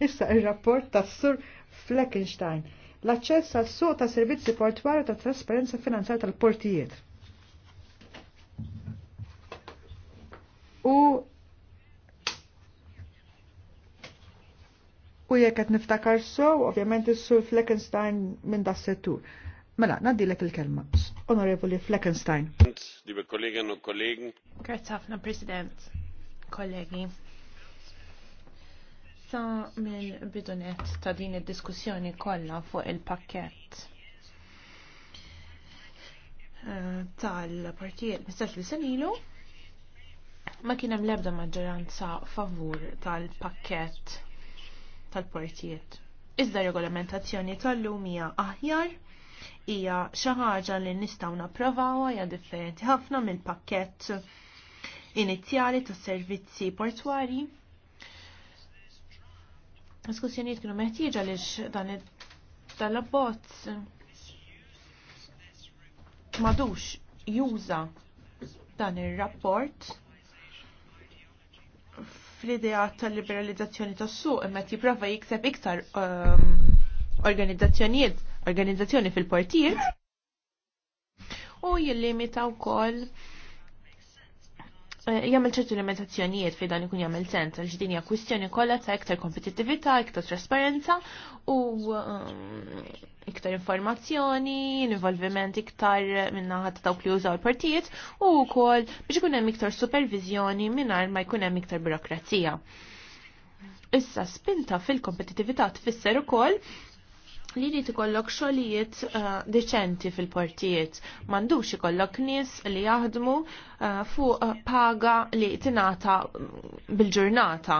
Issa ir-rapport ta' sur Fleckenstein l-aċċess għas suq ta' servizzi portwari ta' trasparenza finanzjar tal-portijiet. U u qed niftakar so, ovvjament is-sur Fleckenstein minn das settur. Mela, nadilek il-kelma. Onorevoli Fleckenstein. Grazie ħafna, President. Kollegi. Sa minn bidunet ta' din id-diskussjoni kollha fuq il-pakkett eh, tal-partijiet mistax li senilu ma kien hemm l-ebda maġġoranza favur tal-pakkett tal-partijiet. Iżda regolamentazzjoni tal-lum hija aħjar hija xi ħaġa li nistgħu napprovawha hija differenti ħafna mill-pakkett inizjali tas-servizzi portwari Diskussjonijiet kienu meħtieġa lix dan tal-abbozz madux juża dan ir-rapport fl-idea tal-liberalizzazzjoni tas-suq imma jipprova jikseb iktar ehm, organizzazzjonijiet organizzazzjoni fil-portijiet u jillimita wkoll Eh, Jammel ċertu limitazzjonijiet fejn dan ikun jagħmel sens għax din hija kwistjoni kollha ta' iktar kompetittività, iktar trasparenza u um, iktar informazzjoni, involviment iktar minna ħadd dawk li jużaw il-partijiet u wkoll biex ikun hemm iktar supervizjoni mingħajr ma jkun hemm iktar burokrazija. Issa spinta fil-kompetittività tfisser ukoll li jrid ikollok xogħlijiet uh, deċenti fil-portijiet. M'għandux ikollok nies li jaħdmu uh, fuq uh, paga li tingħata bil-ġurnata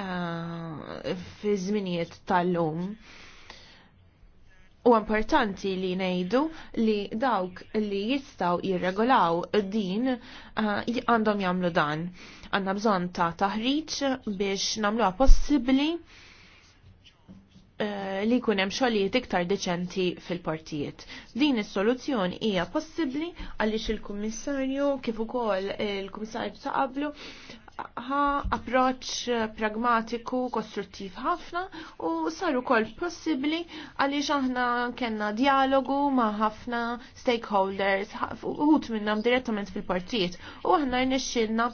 eh, fi żminijiet tal-lum. U importanti li ngħidu li dawk li jistgħu jirregolaw din għandhom jagħmlu dan. Għanna bżonn ta' taħriġ biex nagħmluha possibbli Eh, li jkun hemm xogħlijiet iktar deċenti fil-partijiet. Din is-soluzzjoni hija possibbli għaliex il-Kummissarju kif ukoll il-Kummissarju ta' qablu ħa approċ pragmatiku, kostruttiv ħafna u sar ukoll possibbli għaliex aħna kellna dialogu ma' ħafna stakeholders, uħut minnhom direttament fil-partijiet u aħna jnexxilna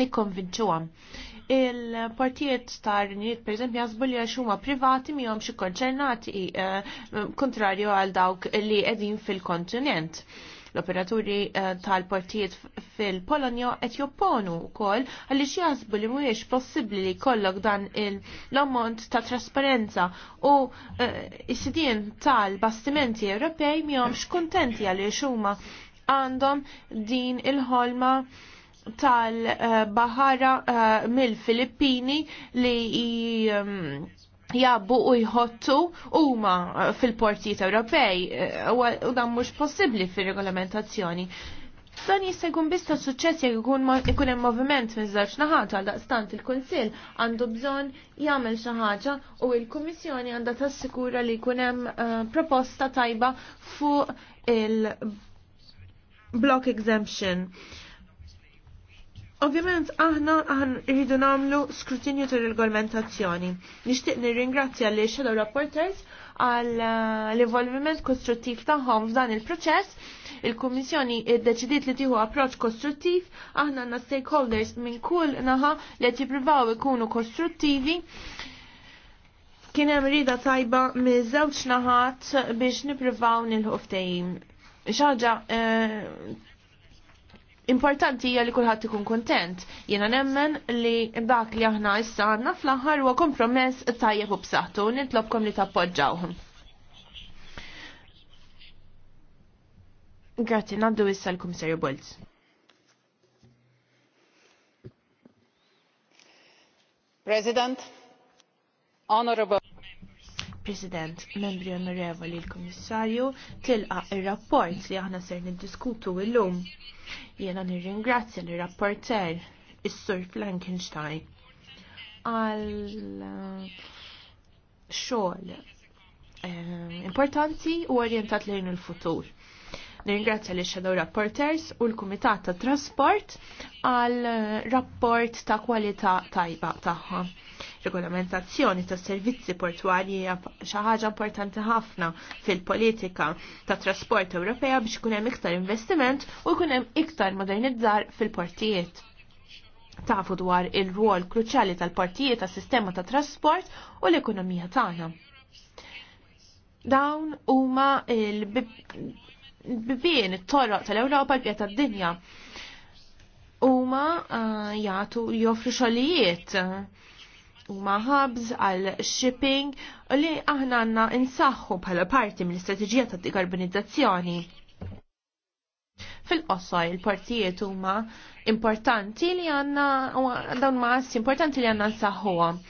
nikkonvinċuhom. Il-partijiet ta' rinjiet, per eżempju jazbu li huma privati mihom xi konċernati eh, eh, kontrarju għal dawk li qegħdin fil-kontinent l-operaturi eh, tal-partijiet fil-Polonja qed jopponu wkoll għaliex jazbu li mhuwiex possibbli li jkollok dan l-ammont ta' trasparenza u is-sidien tal-bastimenti Ewropej mihomx kuntenti għaliex huma għandhom din il-ħolma tal-Bahara eh, mill-Filippini li mm, jabbu u jħottu huma eh, fil-portijiet Ewropej eh, u dan mhux possibbli fir-regolamentazzjoni. Dan jista' jkun biss ta' suċċess jekk ikun ikun hemm moviment minn żewġ naħat għal daqstant il-Kunsill għandu bżonn jagħmel xi ħaġa u l-Kummissjoni għandha tassikura li jkun hemm proposta tajba fuq il-block exemption. Uh, Ovvjament aħna aħna rridu nagħmlu skrutinju tar regolamentazzjoni. Nixtieq nirringrazzja li shadow rapporters għal eh, l-involviment kostruttiv tagħhom f'dan il-proċess. Il-Kummissjoni iddeċidiet li tieħu approċċ kostruttiv, aħna għandna stakeholders minn kull naħa li qed jippruvaw ikunu kostruttivi kien hemm rida tajba miż-żewġ naħat biex nippruvaw nilħu ftehim. Xi ħaġa eh, Importanti hija li kulħadd ikun kontent. Jiena nemmen li dak li aħna issa għandna fl-aħħar huwa kompromess tajjeb u b'saħħtu nitlobkom li tappoġġawhom. Grazzi, naddu issa l-Kummissarju Bolz. President, Honorable President, membri onorevoli l-Komissarju, tilqa il-rapport li aħna ser niddiskutu lum Jena nirringrazzja l-rapporter, is-Sur Frankenstein, għal eh, xogħol eh, importanti u orjentat lejn il-futur. Nirringrazzja li shadow Rapporters u l-Kumitat ta' Trasport għal eh, rapport ta' kwalità tajba tagħha. Ta Regolamentazzjoni ta' servizzi portwali hija xi ħaġa importanti ħafna fil-politika ta' trasport Ewropea biex ikun hemm iktar investiment u jkun hemm iktar modernizzar fil-portijiet. Tafu dwar il-rwol kruċali tal-partijiet tas-sistema ta' trasport u l-ekonomija tagħna. Dawn huma il-bibien it torroq tal-Ewropa l-pjat tad-dinja. Huma ah, jagħtu joffru xogħlijiet huma hubs għal shipping u li aħna għanna insaħħu bħala parti mill-istrateġija ta' dekarbonizzazzjoni. Fil-qossa il-partijiet huma importanti li għanna dawn ma' importanti li għanna nsaħħuhom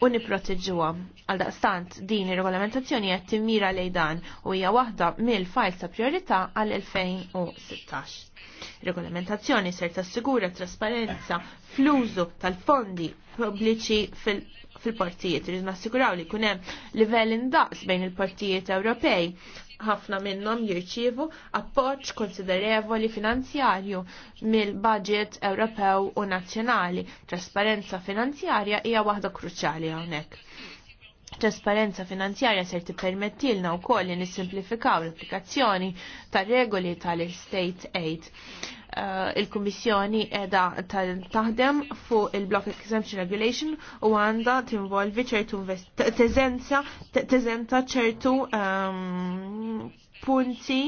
u niprotiġuha. Għal daqstant din ir-regolamentazzjoni qed timmira lejn dan u hija waħda mill-files ta' priorità għal 2016. Regolamentazzjoni ser tassigura trasparenza fl-użu tal-fondi pubbliċi fil- fil-partijiet, rridu nassiguraw li kunem livell indaqs bejn il-partijiet Ewropej ħafna minnhom jirċievu appoġġ konsiderevoli finanzjarju mill-budget Ewropew u nazzjonali. Trasparenza finanzjarja hija waħda kruċjali hawnhekk. Trasparenza finanzjarja ser tippermettilna wkoll li nissimplifikaw l-applikazzjoni tar-regoli tal-State Aid Eh, il-Kummissjoni edha taħdem fuq il-Block Exemption Regulation u għanda tinvolvi ċertu teżenta ċertu ehm, punti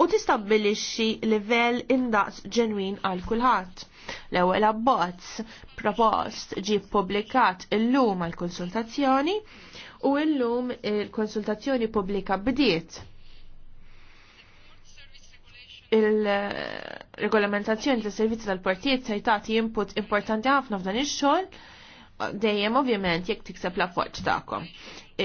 u tistabbilixxi livell indaqs ġenwin għal kulħadd. L-ewwel abbozz propost ġie publikat illum għal konsultazzjoni u il-lum il-konsultazzjoni pubblika bdiet il-regolamentazzjoni tal servizzi tal-partijiet se jtati input importanti ħafna f'dan ix-xogħol dejjem ovvjament jekk tikseb l-appoġġ tagħkom.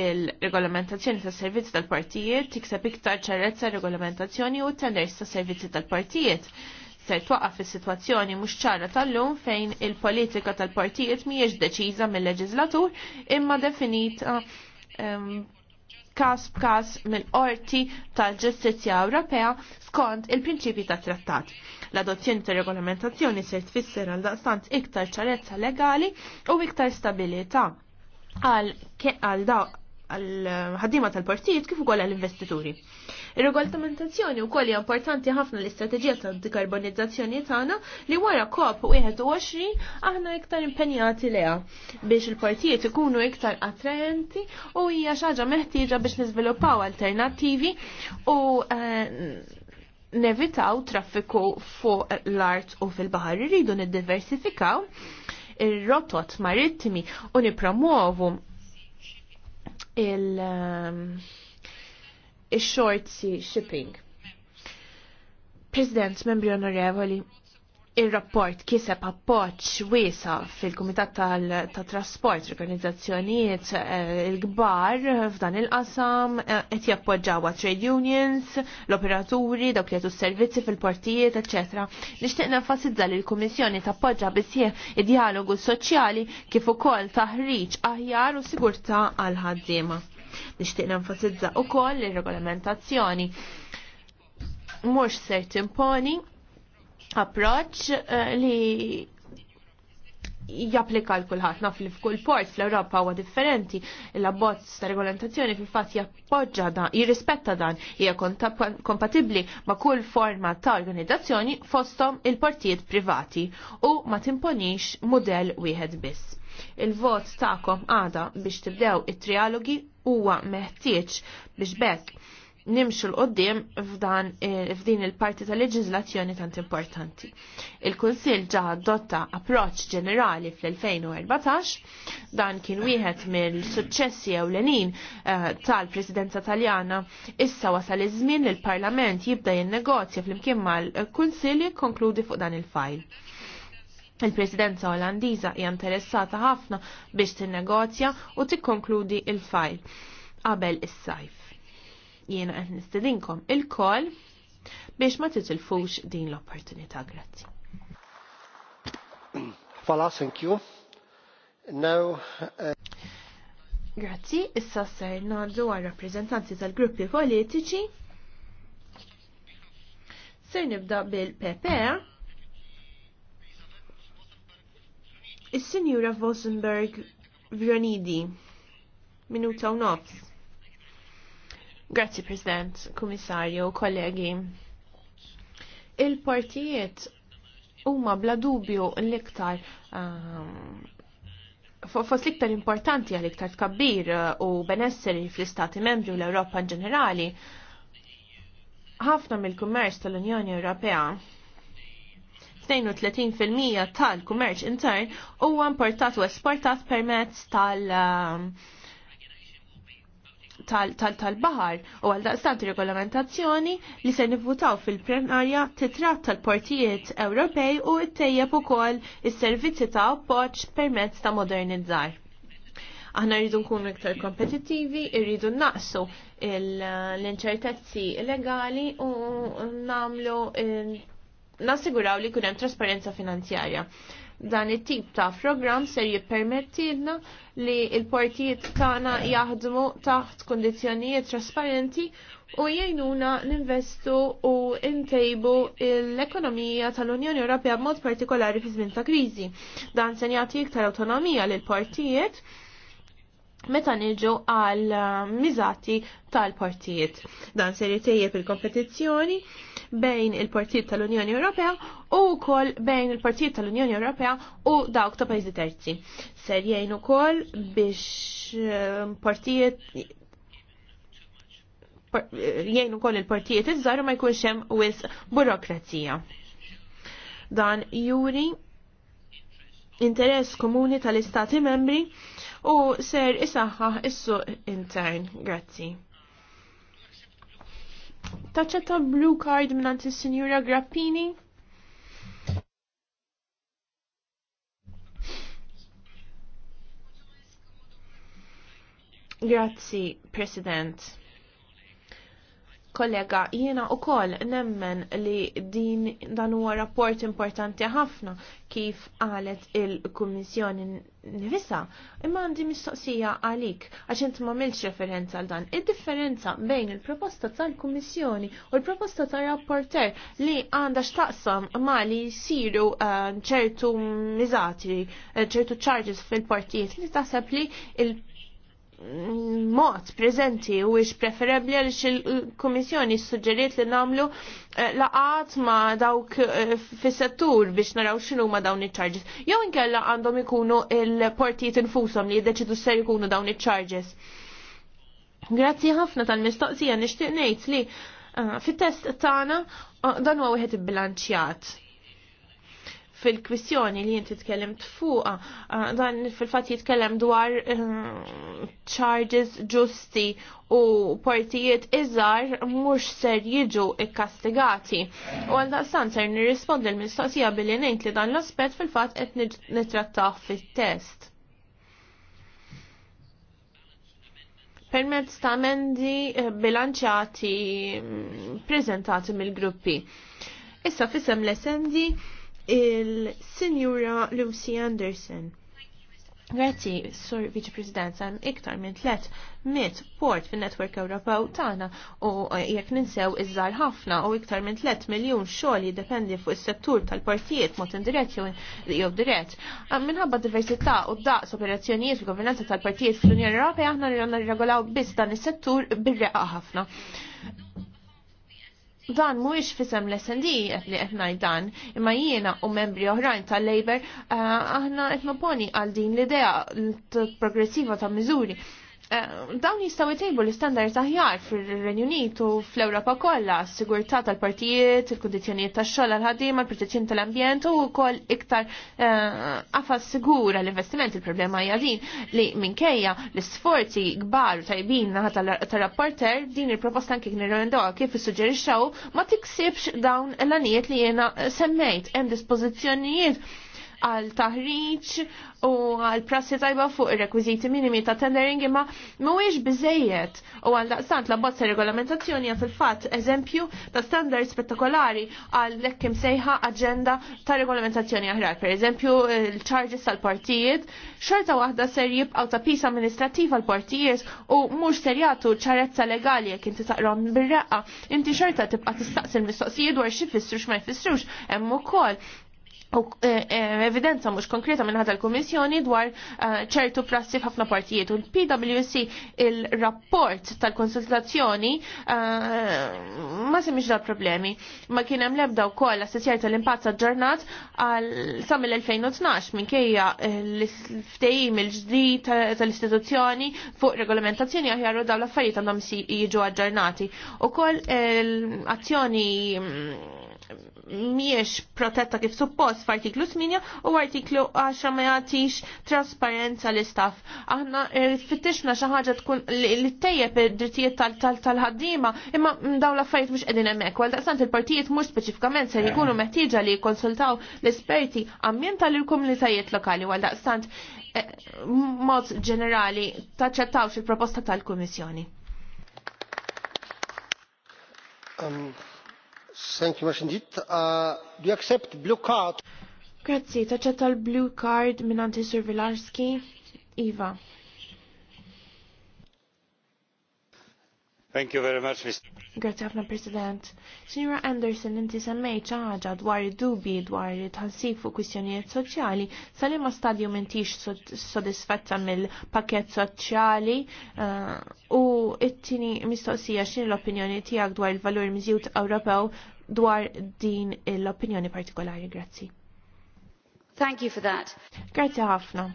Il-regolamentazzjoni tas servizzi tal-partijiet tikseb iktar ċarrezza regolamentazzjoni u tenders tas servizzi tal-partijiet Se twaqqaf is-sitwazzjoni mhux ċara tal-lum fejn il-politika tal-partijiet mhijiex deċiża mill-leġislatur imma definita kas b'kas mill qorti tal-ġustizja Ewropea skont il-prinċipi ta' trattat. L-adozzjoni ta' regolamentazzjoni se tfisser għal daqstant iktar ċarezza legali u iktar stabilita għal, għal għal-ħaddima tal-partijiet kif ukoll għall-investituri. Ir-regolamentazzjoni wkoll hija importanti ħafna l-istrateġija tad-dekarbonizzazzjoni tagħna li wara COP 21 aħna iktar impenjati leha biex il-partijiet ikunu iktar attraenti u hija xaġa meħtieġa biex niżviluppaw alternattivi u eh, nevitaw traffiku fuq l-art u fil-baħar. Irridu niddiversifikaw ir-rotot marittimi u nipromuovu il-short um, sea shipping. President, membri onorevoli, Il-rapport kiseb appoċ wiesa fil-Kumitat tal-Trasport, organizzazzjonijiet eh, il-gbar f'dan il-qasam, eh, qed jappoġġawa trade unions, l-operaturi, dawk li s servizzi fil-portijiet, ecc. Nixtieq nenfasizza li l-Kummissjoni tappoġġa bisieħ id-dialogu soċjali kif ukoll taħriġ aħjar u sigurtà għal ħaddiema. Nixtieq nenfasizza ukoll ir-regolamentazzjoni Mux ser timponi approach eh, li japplika l-kulħat naf li f'kull port fl-Ewropa huwa differenti l-abbozz ta' regolamentazzjoni fil-fatt jappoġġa dan, jirrispetta dan, hija kompatibbli ma' kull forma ta' organizzazzjoni fostom il-partijiet privati u ma timponix modell wieħed biss. Il-vot ta'kom għada biex tibdew it-trialogi huwa meħtieġ biex bekk nimxu l-qoddim eh, f'din il-parti tal leġiżlazzjoni tant importanti. Il-Kunsil ġa adotta approċ ġenerali fl-2014 dan kien wieħed mill-suċċessi ewlenin eh, tal-Presidenza Taljana issa wasal iż-żmien li l-Parlament jibda jinnegozja fl-imkien mal-Kunsil jikkonkludi fuq dan il-fajl. Il-Presidenza Olandiża hija interessata ħafna biex tinnegozja u tikkonkludi il-fajl qabel is-sajf jiena qed nistilinkom il kol biex ma titilfux din l-opportunità. Grazzi. Fala, thank you. Now, uh... Grazzi, issa ser naddu għal rappresentanti tal-gruppi politiċi. Ser nibda bil-PP. Is-Sinjura Vosenberg Vjonidi. Minuta u nofs. Grazzi President, Kummissarju, kollegi. Il-partijiet huma bla dubju l-iktar um, fost l-iktar importanti għal iktar tkabbir uh, u benesseri fl-istati membri u l-Europa ġenerali, ħafna mill-kummerċ tal-Unjoni Ewropea 32% tal-kummerċ intern huwa importat u esportat permezz tal- uh, tal-bahar u għal daqstant regolamentazzjoni li se nivvutaw fil-plenarja titratt tal-portijiet Ewropej u ttejjeb ukoll is-servizzi ta' poċ permezz ta' modernizzar. Aħna rridu nkunu iktar kompetittivi, rridu naqsu l-inċertezzi legali u namlu eh, nassiguraw li kunem trasparenza finanzjarja. Dan it-tip ta' program ser jippermettilna li l-portijiet tagħna jaħdmu taħt kondizzjonijiet trasparenti u jgħinuna ninvestu u ntejbu l-ekonomija tal-Unjoni Ewropea b'mod partikolari fi żmien ta' kriżi. Dan se jagħti iktar awtonomija lil partijiet meta niġu għal miżati tal-partijiet. Dan se jtejjeb il-kompetizzjoni bejn il-partijiet tal-Unjoni Ewropea u wkoll bejn il-partijiet tal-Unjoni Ewropea u dawk ta' pajjiżi terzi. Ser jgħin ukoll biex ehm, partijiet jgħin ukoll il-partijiet iż-żar ma jkunx hemm wis burokrazija. Dan juri interess komuni tal-istati membri u ser isaħħaħ is-suq intern. Grazzi. Taċċetta blue card minn il-Signora Grappini. Grazzi, President kollega jiena u koll nemmen li din dan huwa rapport importanti ħafna kif qalet il-Kummissjoni nifissa imma għandi mistoqsija għalik għax int ma milx referenza għal dan. Id-differenza bejn il-proposta tal-Kummissjoni u l-proposta tal-rapporter li għandha x'taqsam ma li jsiru eh, ċertu miżati, eh, ċertu charges fil-partijiet li taħseb li il- mod preżenti u ix preferabli għal il-Komissjoni suġġeriet li namlu eh, laqat ma dawk eh, fissettur biex naraw xinu ma dawn iċ-charges. Jew inkella għandhom ikunu il-partijiet infushom li jiddeċidu ser ikunu dawn iċ-charges. Grazzi ħafna tal-mistoqsija nixtieq ngħid li eh, fit-test tagħna dan huwa wieħed ibbilanċjat fil-kwissjoni li jinti tkellem tfuqa, eh, dan fil-fat jitkellem dwar eh, charges ġusti u partijiet iżar mux ser jiġu ikkastigati. U għal daqstan ser nirrispondi l-mistoqsija billi nejt li dan l-aspet fil-fat qed nitrattaħ fit-test. Permezz ta' mendi eh, bilanċati mm, prezentati mill-gruppi. Issa fissem l-essendi il-Sinjura Lucy Anderson. Grazzi, Sur Vice President, għan iktar minn tlet mit port fin netwerk Ewropew tagħna u jekk ninsew iżżar ħafna u iktar minn 3 miljun xogħol jiddependi fuq is-settur tal-partijiet mod indirett jew dirett. Minħabba diversità u daqs operazzjonijiet u governanza tal-partijiet fl-Unjoni Ewropea aħna nirregolaw biss dan is-settur bir-reqa ħafna dan mhuwiex fisem l-SND qed li qed ngħid dan, imma jiena u membri oħrajn tal-Labor eh, aħna qed noponi għal din l-idea progressiva ta' miżuri Eh, dawn jistaw jtejbu l-standard aħjar fil-Renju Unitu, u fl-Ewropa kollha, s-sigurtà tal-partijiet, il-kundizzjonijiet tax-xogħol għal-ħaddiema, l-protezzjoni tal-ambjent u wkoll iktar eh, qafas sigura l investiment il-problema hija din li minkejja l-isforzi kbar u tajbin naħa tal-rapporter din il-proposta anke nirrendoha kif issuġġerixxew ma tiksibx dawn l-anijiet li jiena semmejt hemm dispożizzjonijiet għal taħriġ u għal prassi tajba fuq ir-rekwiżiti minimi ta' tendering imma mhuwiex biżejjed u għal daqstant la bozza regolamentazzjoni għal fil-fatt eżempju ta' standard spettakolari għal lekk sejħa aġenda ta' regolamentazzjoni aħrar, per eżempju il-charges tal-partijiet, xorta waħda ser jibqaw ta' pisa amministrativa l-partijiet u mhux ser jagħtu ċarezza legali jekk inti taqrom bir-reqqa, inti xorta tibqa' tistaqsi l-mistoqsijiet dwar xi fissrux ma jfissrux hemm ukoll Eh, eh, evidenza mhux konkreta minn ħadd l kummissjoni dwar eh, ċertu prassi f'ħafna partijiet. U l-PwC il-rapport tal-konsultazzjoni ma semmix dal problemi. Ma kien hemm lebda wkoll assessjar tal-impatt ġurnat għal sa il 2012 minkejja l-ftehim il-ġdid tal-istituzzjoni fuq regolamentazzjoni aħjar u dawn l-affarijiet għandhom jiġu aġġornati. Ukoll azzjoni mm, miex protetta kif suppost f'artiklu 8 u artiklu 10 ma jagħtix trasparenza l-istaff. Aħna eh, fittixna xi ħaġa tkun li tejjeb id-drittijiet tal-ħaddiema imma dawn l-affarijiet mhux qegħdin hemmhekk. Għal daqsant il-partijiet mhux speċifikament se eh. jkunu meħtieġa li jikkonsultaw l-esperti ambjentali l-komunitajiet lokali għal daqstant eh, mod ġenerali taċċettawx il-proposta tal-Kummissjoni. Um, Grazie. Uh, blue card? taċċetta l-blue card minn Anti Vilarski. Iva. Thank you very much, Mr. Grazie ħafna President. Signora Anderson, inti semmejt ħaġa dwar id-dubi dwar it-ħansib fuq kwistjonijiet soċjali, ma stadju mentix sodisfatta mill-pakket soċjali eh, u it-tini mistoqsija xin l-opinjoni tijak dwar il-valur mizjut Ewropew dwar din l-opinjoni partikolari. Grazzi. Thank you for that. Grazie ħafna.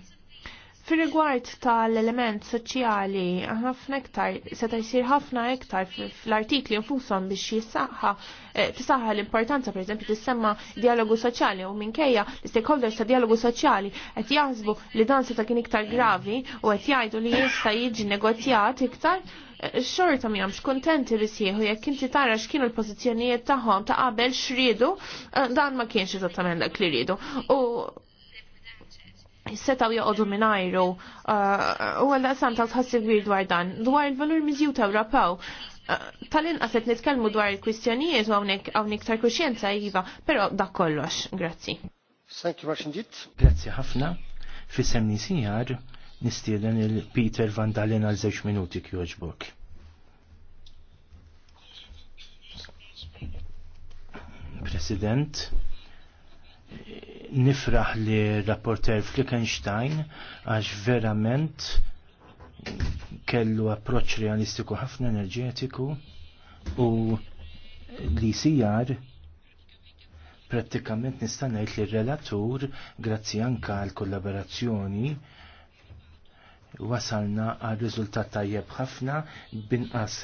Fir rigward tal-element soċjali, ħafna iktar, seta' jsir ħafna iktar fl-artikli nfushom biex jissaħħa eh, tisaħħa l-importanza pereżempju tissemma dialogu soċjali u minkejja l-stakeholders ta' dialogu soċjali qed jaħsbu li dan se ta' kien iktar gravi u qed jgħidu li jista' jiġi negozjat iktar eh, xorta mi għamx xkontenti li sieħu jekk inti tara x'kienu l-pożizzjonijiet tagħhom ta' qabel x'ridu eh, dan ma kienx eżattament dak li rridu. U setaw joqodu minajru uh, u għalla santa tħassi bir dwar dan dwar il-valur mizju ta' rapaw uh, tal-inqas qed nitkellmu dwar il-kwistjonijiet u hawnhekk hawnhekk tar kuxjenza iva, però dak kollox, grazzi. Thank you much indeed. Grazzi ħafna. Fisem nisijar nistieden il-Peter Van Dalen għal żewġ minuti kjoġbok. President, nifraħ li rapporter Flickenstein għax verament kellu approċ realistiku ħafna enerġetiku u li sijar prattikament nista' ngħid li r-relatur grazzi anka għal kollaborazzjoni wasalna għal riżultat tajjeb ħafna binqas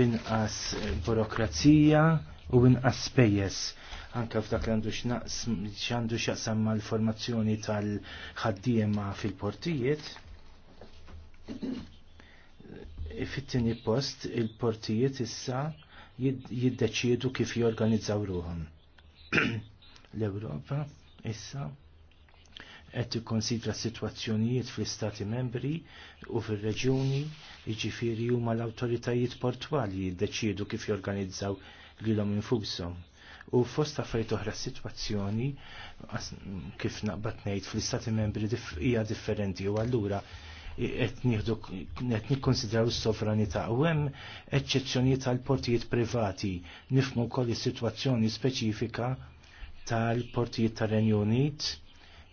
binqas burokrazija u inqas aspejes anke f'dak li għandu x'aqsam mal-formazzjoni tal-ħaddiema fil-portijiet. E fit-tieni post il-portijiet issa jiddeċiedu kif jorganizzaw ruhom. L-Ewropa issa qed tikkonsidra sitwazzjonijiet fl-istati membri u fir-reġjuni jiġifieri huma l-awtoritajiet portwali jiddeċiedu kif jorganizzaw lilhom infushom. U fost affarijiet oħra situazzjoni kif naqbad ngħid fl-istati membri hija differenti u allura qed nikkonsidraw s sovranita u għem eċċezzjonijiet tal portijiet privati nifmu wkoll is-sitwazzjoni speċifika tal-portijiet tar-Renju Unit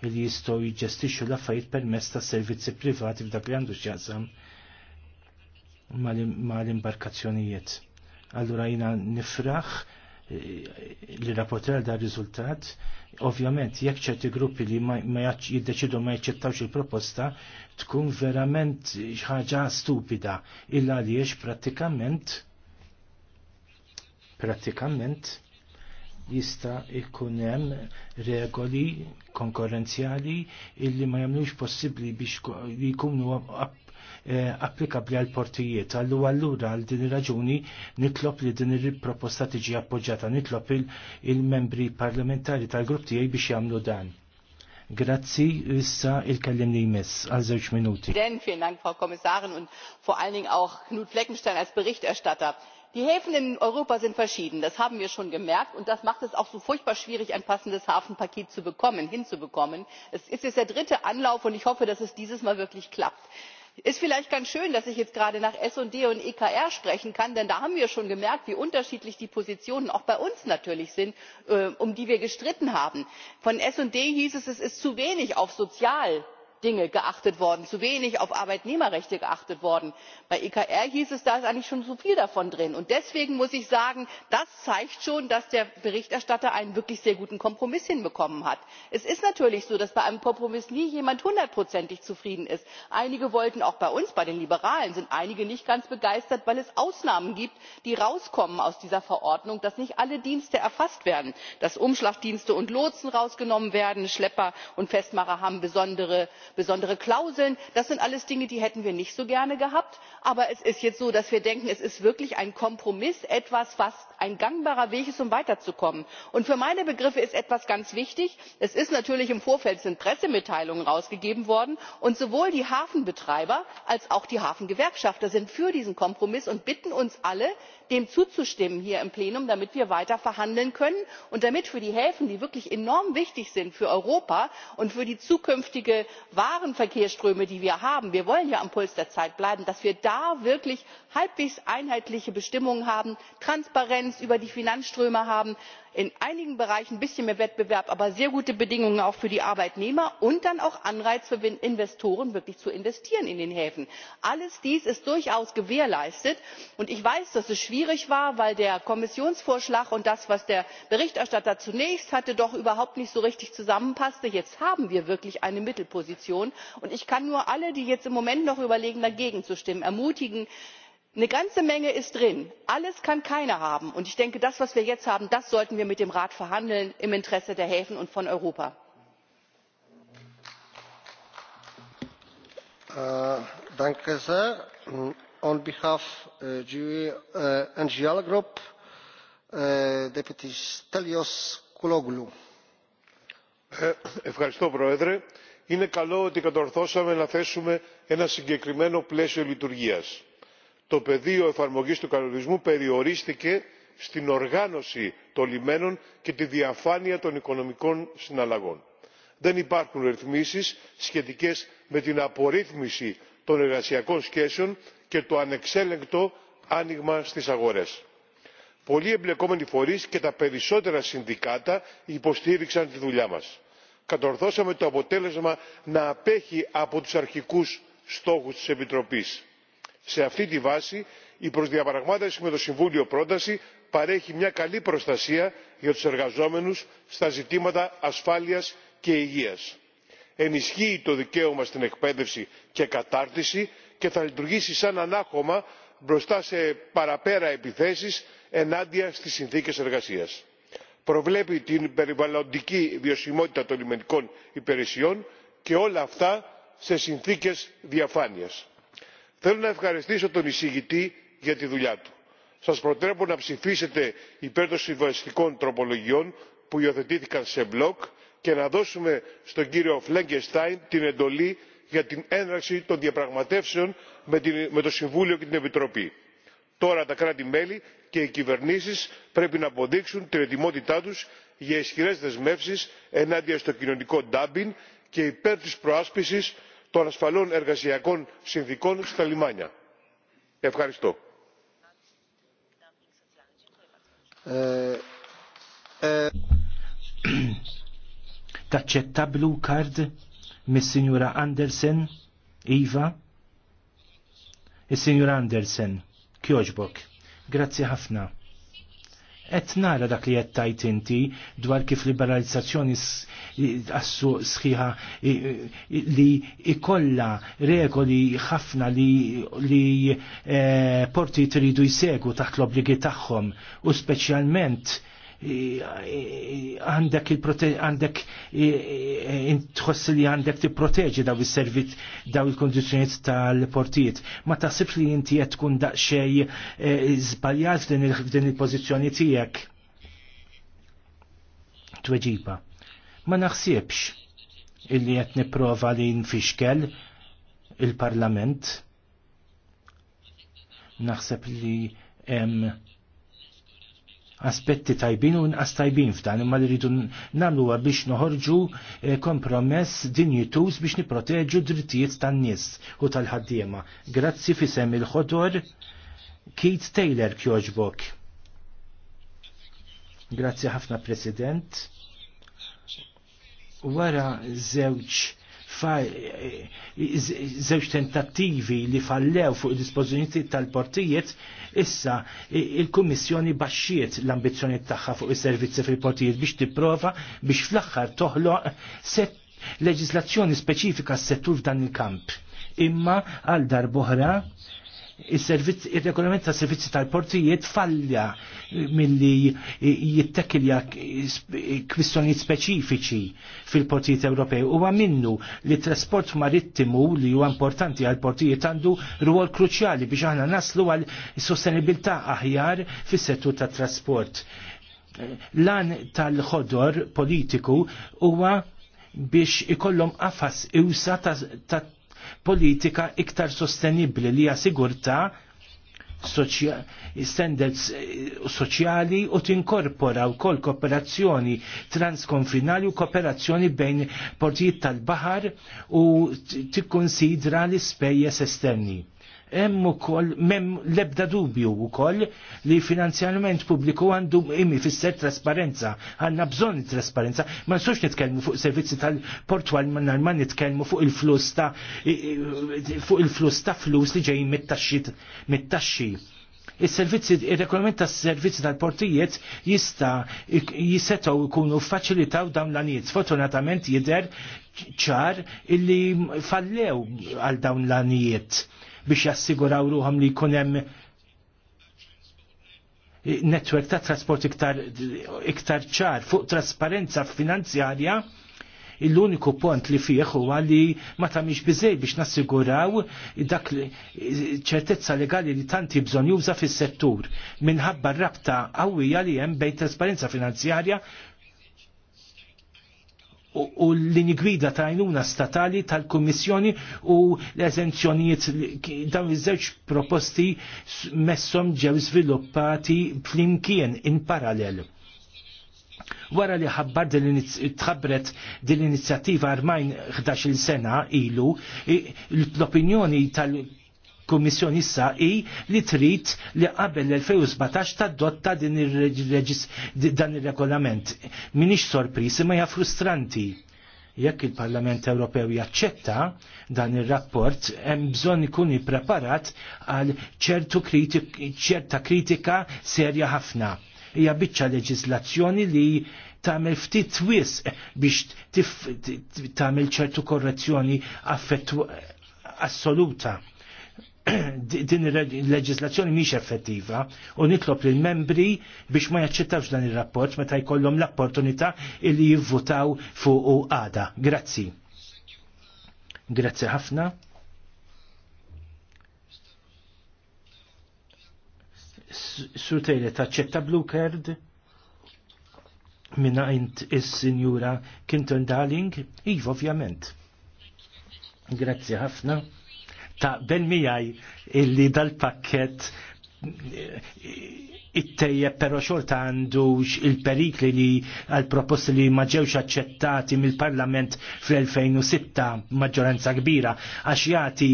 li jistgħu jġestixu l-affarijiet permess ta' servizzi privati f'dak li għandu x'jaqsam mal-imbarkazzjonijiet. Allura jina nifraħ eh, li rapporter da riżultat, ovvjament jekk ċerti gruppi li ma jiddeċidu ma jċettawx il-proposta tkun verament ħaġa stupida illa li jiex pratikament pratikament jista ikun hemm regoli konkurrenzjali illi ma jagħmlux possibbli biex li jkunu Eh, applikabli għal portijiet. Allu allura għal din raġuni nitlop li din il-proposta tiġi appoġġata, nitlop il-membri parlamentari tal-grupp tiegħi biex jagħmlu dan. Grazzi, issa il li jmiss għal żewġ minuti. Vielen Dank, Frau Kommissarin, und vor allen Dingen auch Knut Fleckenstein als Berichterstatter die häfen in europa sind verschieden das haben wir schon gemerkt und das macht es auch so furchtbar schwierig ein passendes hafenpaket zu bekommen hinzubekommen. es ist jetzt der dritte anlauf und ich hoffe dass es dieses mal wirklich klappt ist vielleicht ganz schön dass ich jetzt gerade nach sd und ekr sprechen kann denn da haben wir schon gemerkt wie unterschiedlich die positionen auch bei uns natürlich sind äh, um die wir gestritten haben. von sd hieß es es ist zu wenig auf sozial dinge geachtet worden zu wenig auf arbeitnehmerrechte geachtet worden. bei ekr hieß es da ist eigentlich schon zu viel davon drin. und deswegen muss ich sagen das zeigt schon dass der berichterstatter einen wirklich sehr guten kompromiss hinbekommen hat. es ist natürlich so dass bei einem kompromiss nie jemand hundertprozentig zufrieden ist. einige wollten auch bei uns bei den liberalen sind einige nicht ganz begeistert weil es ausnahmen gibt die rauskommen aus dieser verordnung dass nicht alle dienste erfasst werden dass umschlagdienste und lotsen rausgenommen werden schlepper und festmacher haben besondere besondere klauseln das sind alles dinge die hätten wir nicht so gerne gehabt aber es ist jetzt so dass wir denken es ist wirklich ein kompromiss etwas was ein gangbarer weg ist um weiterzukommen. und für meine begriffe ist etwas ganz wichtig es sind natürlich im vorfeld pressemitteilungen herausgegeben worden und sowohl die hafenbetreiber als auch die hafengewerkschafter sind für diesen kompromiss und bitten uns alle dem zuzustimmen hier im plenum damit wir weiter verhandeln können und damit für die häfen die wirklich enorm wichtig sind für europa und für die zukünftigen warenverkehrsströme die wir haben wir wollen ja am puls der zeit bleiben dass wir da wirklich halbwegs einheitliche bestimmungen haben transparenz über die finanzströme haben in einigen bereichen ein bisschen mehr wettbewerb aber sehr gute bedingungen auch für die arbeitnehmer und dann auch anreiz für investoren wirklich zu investieren in den häfen. alles dies ist durchaus gewährleistet und ich weiß dass es schwierig war weil der kommissionsvorschlag und das was der berichterstatter zunächst hatte doch überhaupt nicht so richtig zusammenpassten. jetzt haben wir wirklich eine mittelposition und ich kann nur alle die jetzt im moment noch überlegen dagegen zu stimmen ermutigen eine ganze menge ist drin alles kann keiner haben und ich denke das was wir jetzt haben das sollten wir mit dem rat verhandeln im interesse der häfen und von europa. Äh, äh, äh, είναι καλό ότι κατορθώσαμε να θέσουμε ένα συγκεκριμένο πλαίσιο λειτουργίας το πεδίο εφαρμογής του κανονισμού περιορίστηκε στην οργάνωση των λιμένων και τη διαφάνεια των οικονομικών συναλλαγών. δεν υπάρχουν ρυθμίσεις σχετικές με την απορρίθμιση των εργασιακών σχέσεων και το ανεξέλεγκτο άνοιγμα στις αγορές. πολλοί εμπλεκόμενοι φορείς και τα περισσότερα συνδικάτα υποστήριξαν τη δουλειά μας. κατορθώσαμε το αποτέλεσμα να απέχει από τους αρχικούς στόχους της επιτροπής σε αυτή τη βάση η προσδιαπραγμάτευση με το συμβούλιο πρόταση παρέχει μια καλή προστασία για τους εργαζόμενους στα ζητήματα ασφάλειας και υγείας ενισχύει το δικαίωμα στην εκπαίδευση και κατάρτιση και θα λειτουργήσει σαν ανάχωμα μπροστά σε παραπέρα επιθέσεις ενάντια στις συνθήκες εργασίας. προβλέπει την περιβαλλοντική βιωσιμότητα των λιμενικών υπηρεσιών και όλα αυτά σε συνθήκες διαφάνειας. Θέλω να ευχαριστήσω τον εισηγητή για τη δουλειά του. Σας προτρέπω να ψηφίσετε υπέρ των συμβαστικών τροπολογιών που υιοθετήθηκαν σε μπλοκ και να δώσουμε στον κύριο Φλέγκεστάιν την εντολή για την έναρξη των διαπραγματεύσεων με, την, με το Συμβούλιο και την Επιτροπή. Τώρα τα κράτη-μέλη και οι κυβερνήσεις πρέπει να αποδείξουν την ετοιμότητά τους για ισχυρές δεσμεύσεις ενάντια στο κοινωνικό ντάμπιν και υπέρ της προάσπισης των ασφαλών εργασιακών συνθηκών στα λιμάνια. Ευχαριστώ. Τα blue card mis-Sinjura Andersen, Iva. Is-Sinjura Andersen, kjoġbok. Grazie ħafna qed nara dak li qed tajt inti dwar kif liberalizzazzjoni assu sħiħa li ikolla regoli ħafna li, li eh, porti tridu jsegu taħt l-obligi tagħhom u speċjalment għandek għandek tħoss li għandek proteġi daw is servit daw il kondizjoniet tal-portijiet. Ma taħsibx li inti qed tkun daqsxejn żbaljat e, f'din il-pożizzjoni tiegħek. Tweġiba. Ma naħsibx illi qed nipprova li nfixkel il-Parlament. Naħseb li hemm aspetti tajbin u nqas tajbin f'dan imma li rridu nagħmluha biex noħorġu eh, kompromess dinjitus biex niproteġu drittijiet tan-nies u tal-ħaddiema. Grazzi fisem il-ħodor Keith Taylor kjoġbok. Grazzi ħafna President. Wara żewġ żewġ tentattivi li fallew fuq il-dispożizzjoni tal-portijiet, issa il-Kummissjoni baxxiet l-ambizzjoni tagħha fuq is-servizzi fil-portijiet biex tipprova biex fl-aħħar toħloq set leġislazzjoni speċifika s-settur f'dan il-kamp. Imma għal darbohra il-regolament ta' servizzi tal-portijiet mill milli jittekilja kwistjonijiet speċifiċi fil-portijiet Ewropej. Huwa minnu li trasport marittimu li huwa importanti għal portijiet għandu ruol kruċjali biex aħna naslu għal sostenibilità aħjar fis-settur tat-trasport. Lan tal-ħodor politiku huwa biex ikollhom qafas iwsa ta' politika iktar sostenibli li hija sigurtà standards eh, soċjali u tinkorpora wkoll kooperazzjoni transkonfinali u kooperazzjoni bejn portijiet tal-baħar u tikkonsidra l-ispejjeż esterni hemm ukoll m'hemm l-ebda dubju wkoll li finanzjament pubbliku għandu imi fisser trasparenza, għandna bżonn trasparenza, ma nsux nitkellmu fuq servizzi tal-portwal ma nitkellmu fuq il-flus ta' fuq il-flus ta' flus li ġejjin mit-taxxi il Is-servizzi, ir rekolament tas servizzi tal-portijiet jista jisetaw ikunu faċilitaw dawn l-anijiet. Fortunatament jidher ċar illi fallew għal dawn l-anijiet biex jassiguraw ruħam li jkun hemm netwerk ta' trasport iktar, iktar ċar fuq trasparenza finanzjarja l-uniku pont li fih huwa li ma tamix biżej biex nassiguraw dak ċertezza legali li tanti bżon juża fis-settur minħabba rabta qawwija li hemm bejn trasparenza finanzjarja u l-lini gwida ta' għajnuna statali tal-Kommissjoni u l-eżenzjonijiet dawn iż-żewġ proposti messom ġew sviluppati flimkien in parallel. Wara li ħabbar tħabbret din inizjattiva armajn 11 sena ilu, l-opinjoni tal il-Kummissjoni issa i li trid li qabel l-2017 tadotta din dan ir-regolament. Minix sorpris ma hija frustranti jekk il-Parlament Ewropew jaċċetta dan ir-rapport hemm bżonn ikun ippreparat għal ċertu ċerta kritika serja ħafna. Hija biċċa leġislazzjoni li tagħmel ftit twis biex tagħmel ċertu korrezzjoni assoluta din il-leġislazzjoni mhix effettiva u nitlob lil membri biex ma jaċċettawx dan ir-rapport meta jkollhom l-opportunità li jivvutaw fuq u għada. Grazzi. Grazzi ħafna. Sutejle taċċetta blue card minna int is-sinjura Kinton Darling? Iva, ovvjament. Grazzi ħafna ta' ben miħaj illi dal-pakket eh, it-tejjeb pero xorta għandux il-perikli li għal proposti li maġewx accettati mill-Parlament fl-2006 maġġoranza kbira għax jagħti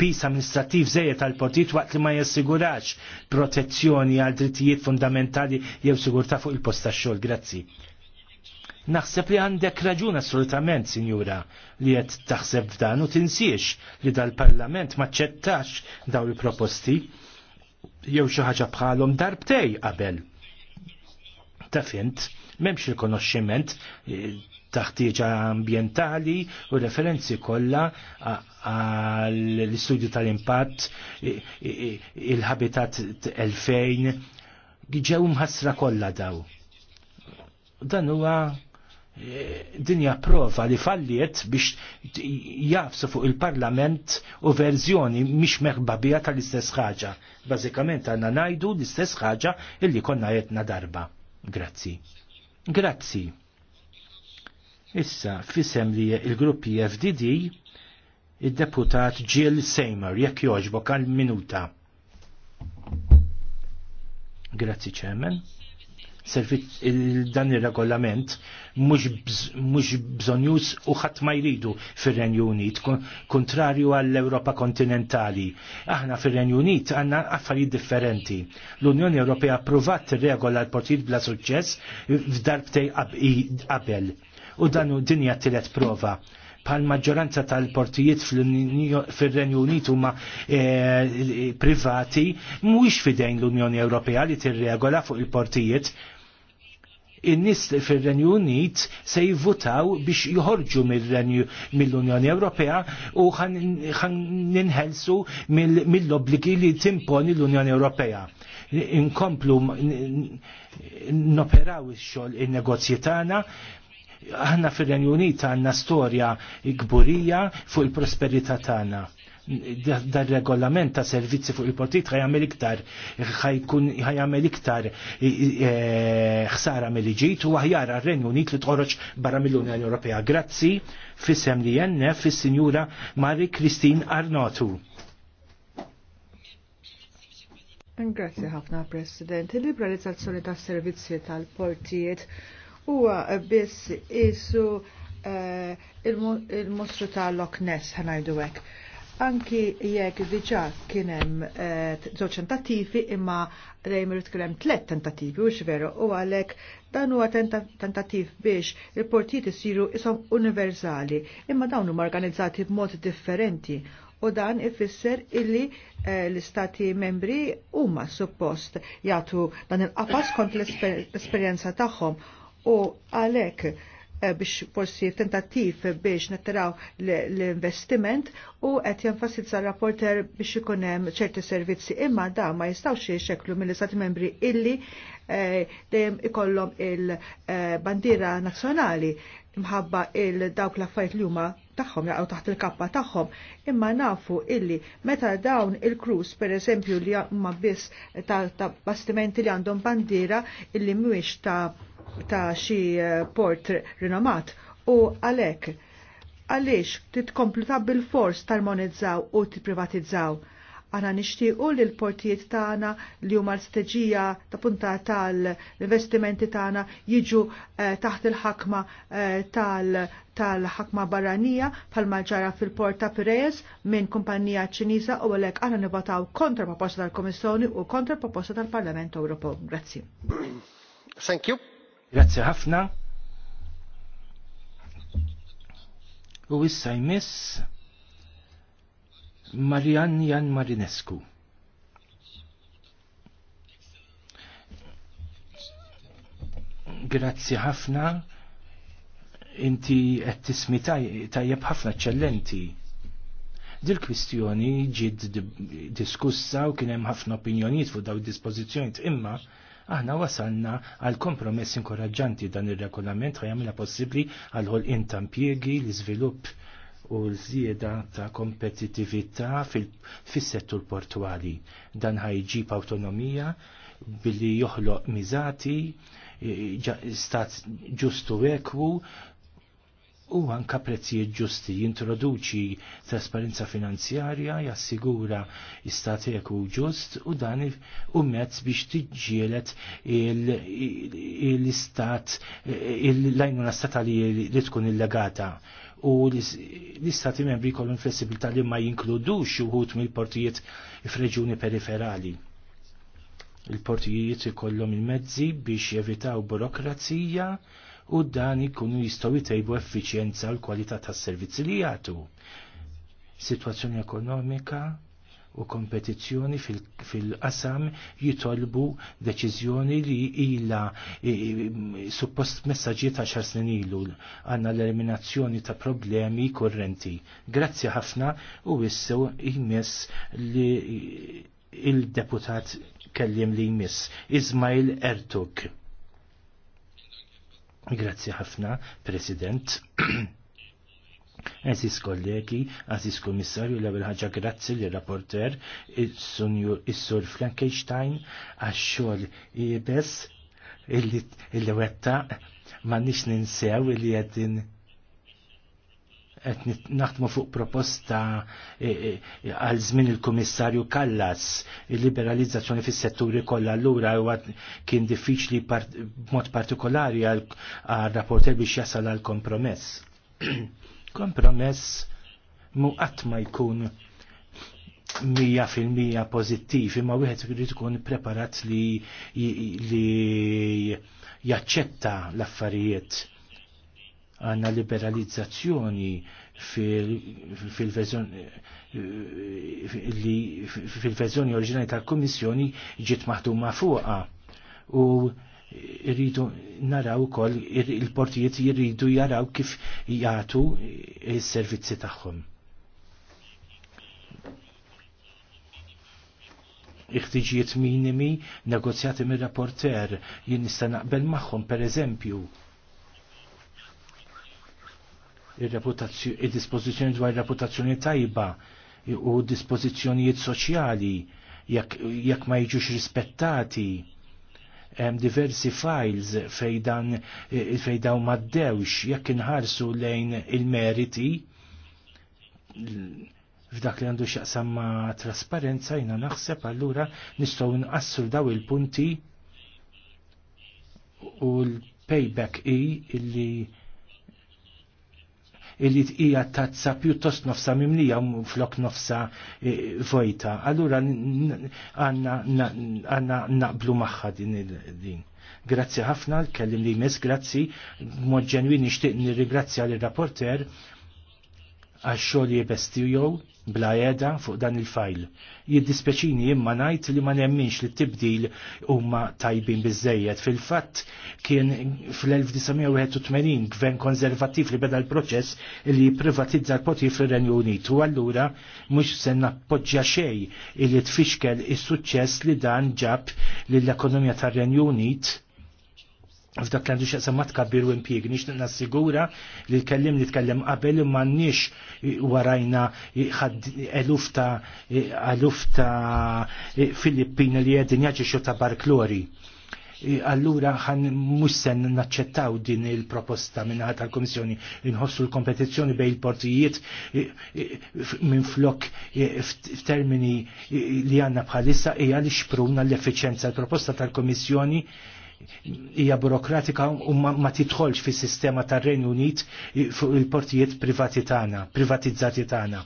pis amministrativ zejet għal portit waqt li ma jassigurax protezzjoni għal drittijiet fundamentali jew sigurta fuq il-posta xogħol. Grazzi. Naħseb li għandek raġun assolutament, sinjura, li qed taħseb f'dan u tinsiex li dal-Parlament ma ċettax daw il-proposti jew xi ħaġa bħalhom darbtej qabel. Ta' fint, m'hemmx il-konoxximent eh, taħtieġa ambientali u referenzi kollha għall-istudju tal-impatt, il-habitat 2000, ġew mħassra kollha daw. Dan huwa dinja prova li falliet biex jafsu fuq il-parlament u verżjoni mhix meħbabija tal-istess ħaġa. Bażikament għanna ngħidu l-istess ħaġa illi konna jedna darba. Grazzi. Grazzi. Issa fisem li il-gruppi FDD il-deputat Jill Seymour jekk joġbok għal minuta. Grazzi ċemen dan il-regolament mhux bżonjus u ħadd ma jridu fir-Renju Unit, kontrarju għall-Ewropa kontinentali. Aħna fir-Renju Unit għandna affarijiet differenti. L-Unjoni Ewropea provat regola l-portijiet bla suċċess f'darbtej qabel. U dan dinja tilet prova bħal maġġoranza tal-portijiet fil-Renju Unit huma privati mhuwiex fidejn l-Unjoni Ewropea li tirregola fuq il-portijiet in nies fil-Renju Unit se jivvutaw biex joħorġu mill-Unjoni Ewropea u ħan ninħelsu mill-obbligi li timponi l-Unjoni Ewropea. Inkomplu noperaw ix-xogħol in-negozji tagħna aħna fir-Renju Unit għandna storja gburija fuq il-prosperità tagħna dar regolament ta' servizzi fuq il-portit ħajamel iktar ħajamel iktar e, ħsara mill-ġit u aħjar għar-Renju Unit li tħorġ barra mill-Unjoni Ewropea. Grazzi fissem li jenne fis-Sinjura Mari Kristin Arnotu. Grazzi ħafna President. Il-liberalizzazzjoni tas servizzi tal-portijiet huwa biss isu eh, il-mostru ta' Loch Ness ħanajdu hekk. Anki jekk diġà kien hemm eh, żewġ tentattivi imma dejjem irid kien hemm tliet tentattivi u veru u għalhekk dan huwa tentativ biex il-portijiet isiru isom universali imma dawn huma organizzati b'mod differenti u dan ifisser illi eh, l-istati membri huma suppost jagħtu dan il-qapas kont l-esperjenza tagħhom u għalek eh, biex forsi tentattiv biex natteraw l-investiment u qed jenfasizza rapporter biex ikun hemm ċerti servizzi imma da ma jistgħux xeklu mill-istati membri illi eh, dejjem ikollhom il-bandiera eh, nazzjonali mħabba il dawk l li huma tagħhom jaqgħu taħt il-kappa tagħhom, imma nafu illi meta dawn il-krus pereżempju li huma biss ta' bastimenti li għandhom bandiera illi mhuwiex ta' ta' xi eh, port rinomat u għalhekk għaliex titkomplu ta' bil-fors tarmonizzaw u tipprivatizzaw. Għana nixtiequ li l-portijiet tagħna li huma l-steġija ta' punta tal-investimenti tagħna jiġu eh, taħt il-ħakma eh, tal-ħakma barranija pal ġara fil-port ta' minn kumpanija ċiniża u għalhekk għana nivotaw kontra proposta tal-Komissjoni u kontra proposta tal-Parlament Ewropew. Grazzi. Thank you. Grazzi ħafna. U issa jmiss Marian Jan Marinescu. Grazzi ħafna. Inti qed tismi tajjeb ħafna eċċellenti dil kwistjoni ġiet diskussa u kien hemm ħafna opinjonijiet fuq daw id-dispożizzjonijiet imma Aħna wasalna għal kompromess inkoraġġanti dan ir-regolament ħajamela possibbli għal ħolqien impjiegi, l-iżvilupp u l-zieda ta' kompetitività fis-settur portwali. Dan ħajġib autonomija billi joħloq miżati stat ġustu ekwu u anka prezzijiet ġusti jintroduċi trasparenza finanzjarja jassigura istateku ġust u dan u mezz biex tiġġielet l-istat l-lajnuna statali li tkun illegata u l-istati membri kollum flessibilità li ma jinkludux uħut mill-portijiet f'reġuni periferali il-portijiet ikollhom il-mezzi biex jevitaw burokrazija u dan ikunu jistgħu jtejbu effiċjenza u l-kwalità tas-servizzi li jagħtu. Situazzjoni ekonomika u kompetizzjoni fil-qasam fil jitolbu deċiżjoni li ila suppost messaġġi ta' xar snin ilu għanna l-eliminazzjoni ta' problemi korrenti. Grazzi ħafna u issew jmiss li il-deputat kellim li jmiss. Ismail Ertug. Grazzi ħafna, President. Aziz kollegi, aziz komissarju, l ħaġa grazzi li rapporter il-sur Frankenstein għax-xogħol jibes il-wetta li ma nix ninsew li għedin qed naħdmu fuq proposta e, e, e, għal żmien il-Kummissarju Kallas il-liberalizzazzjoni fis-setturi kollha allura huwa kien diffiċli b'mod partikolari għal rapporter biex jasal għal kompromess. kompromess mu qatt ma jkun mija fil-mija pozittiv, imma wieħed irid ikun preparat li, li jaċċetta l-affarijiet għanna liberalizzazzjoni fil-verżjoni oriġinali tal-Komissjoni ġiet maħduma fuqa u irridu naraw kol il-portijiet jirridu jaraw kif jgħatu il-servizzi tagħhom. Iħtiġijiet minimi negozjati mir-rapporter jien nista' naqbel magħhom per eżempju il-dispozizjoni dwar reputazzjoni tajba u dispozizjonijiet soċjali jekk ma jiġux rispettati hemm diversi files fejdan eh, fejdaw maddewx jekk inħarsu lejn il-meriti f'dak li għandu xaqsam ma' trasparenza jina naħseb allura nistgħu nqassu daw il-punti u l-payback i illi illi tqija tazza pjuttost nofsa mimlija flok nofsa e, vojta. Allura għanna naqblu maħħa din il din. Grazzi ħafna, kellim li mis, grazzi, mod ġenwini nixtieq nirrigrazzja l-rapporter għax xogħol jibestijow bla jeda fuq dan il-fajl. Jiddispeċini imma najt li ma nemminx li t-tibdil umma tajbin bizzejiet. Fil-fatt kien fl-1981 gvern konservativ li beda l-proċess li privatizza l-poti fil-Renju Unit. U allura mux senna nappoġġa xej li tfixkel is-suċċess li dan ġab l-ekonomija tar-Renju Unit f'dak l-għandu xaqsam ma tkabbir u impieg, nix nassigura li l-kellim li tkellem qabel ma nix warajna eluf ta' eluf Filippina li għedin xo ta' barklori. Allura ħan mussen naċċettaw din il-proposta minna tal-Komissjoni inħossu l-kompetizzjoni bej il-portijiet minn flok f'termini li għanna bħalissa hija li xpruna l-effiċenza. L-proposta tal-Komissjoni hija burokratika u ma titħolx fis-sistema tar-Renju Unit fuq il-portijiet privati tagħna, privatizzati tagħna.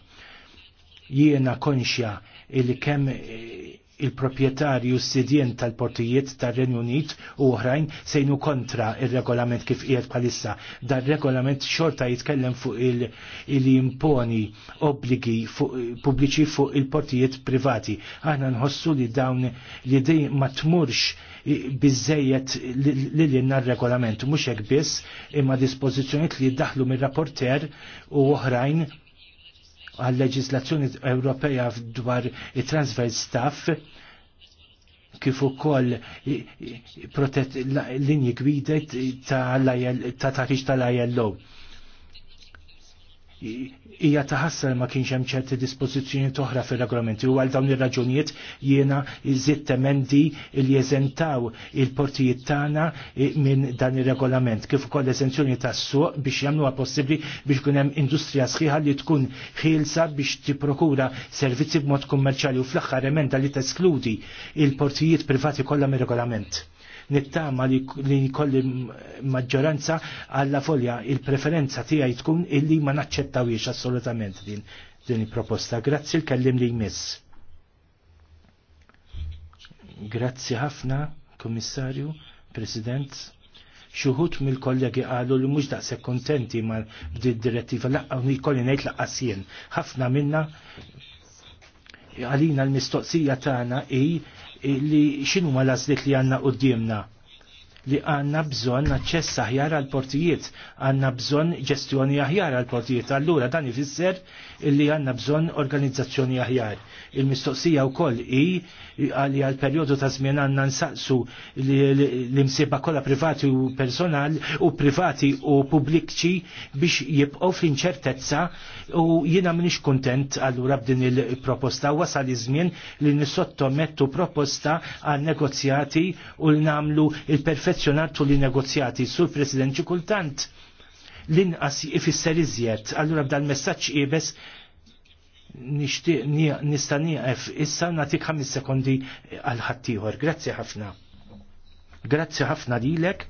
Jiena konxja li kemm eh, il-propietarju sidjen tal-portijiet tar-Renju Unit u oħrajn sejnu kontra il-regolament kif qiegħed bħalissa. Dar regolament xorta jitkellem fuq il-imponi obbligi pubbliċi fuq il-portijiet privati. Aħna nħossu li dawn li dej ma tmurx bizzejiet li li jenna regolament mux hekk biss imma dispozizjoniet li jiddaħlu mir-rapporter u oħrajn għal leġislazzjoni Ewropea dwar it-transfer staff kif ukoll linji gwidet ta' tariġ tal-ILO hija taħassal ma kienx hemm ċerti dispożizzjoni toħra fir-regolamenti u għal dawn ir-raġunijiet jiena żitt emendi li jeżentaw il-portijiet tagħna e, minn dan ir-regolament kif ukoll eżenzjoni tas-suq biex jagħmluha possibbli biex kun hemm industrija sħiħa li tkun ħielsa biex tipprokura servizzi b'mod kummerċjali u fl-aħħar emenda li teskludi il-portijiet privati kollha mir-regolament nittama li jkolli maġġoranza għalla folja il-preferenza tiegħi tkun illi ma naċċettawiex assolutament din din il-proposta. Grazzi l-kellim li jmiss. Grazzi ħafna, Komissarju, President xuħut mill-kollegi għalu li mux daqse kontenti ma direttiva laqqa u jkolli nejt laqqa sien. ħafna minna għalina l-mistoqsija tagħna i li xinu ma lażlit li għanna qoddimna li għanna bżon aċċess aħjar għal portijiet, għanna bżon ġestjoni aħjar għal portijiet. Allura dan ifisser li għanna bżon organizzazzjoni aħjar. Il-mistoqsija u koll i għalli għal periodu ta' żmien għanna nsaqsu l-imsiba kolla privati u personal u privati u publikċi biex jibqgħu fl-inċertezza u jiena minix kuntent allura b'din il-proposta wasal iż-żmien li nissottomettu proposta għal negozjati u l-namlu il-perfezzjonatu li negozjati sur President kultant l-inqas ifisser iżjed. Allura b'dan messaġġ qiebes nishtiq nista' issa nagħtik 5 sekondi eh, għal ħaddieħor. Grazzi ħafna. Grazzi ħafna lilek.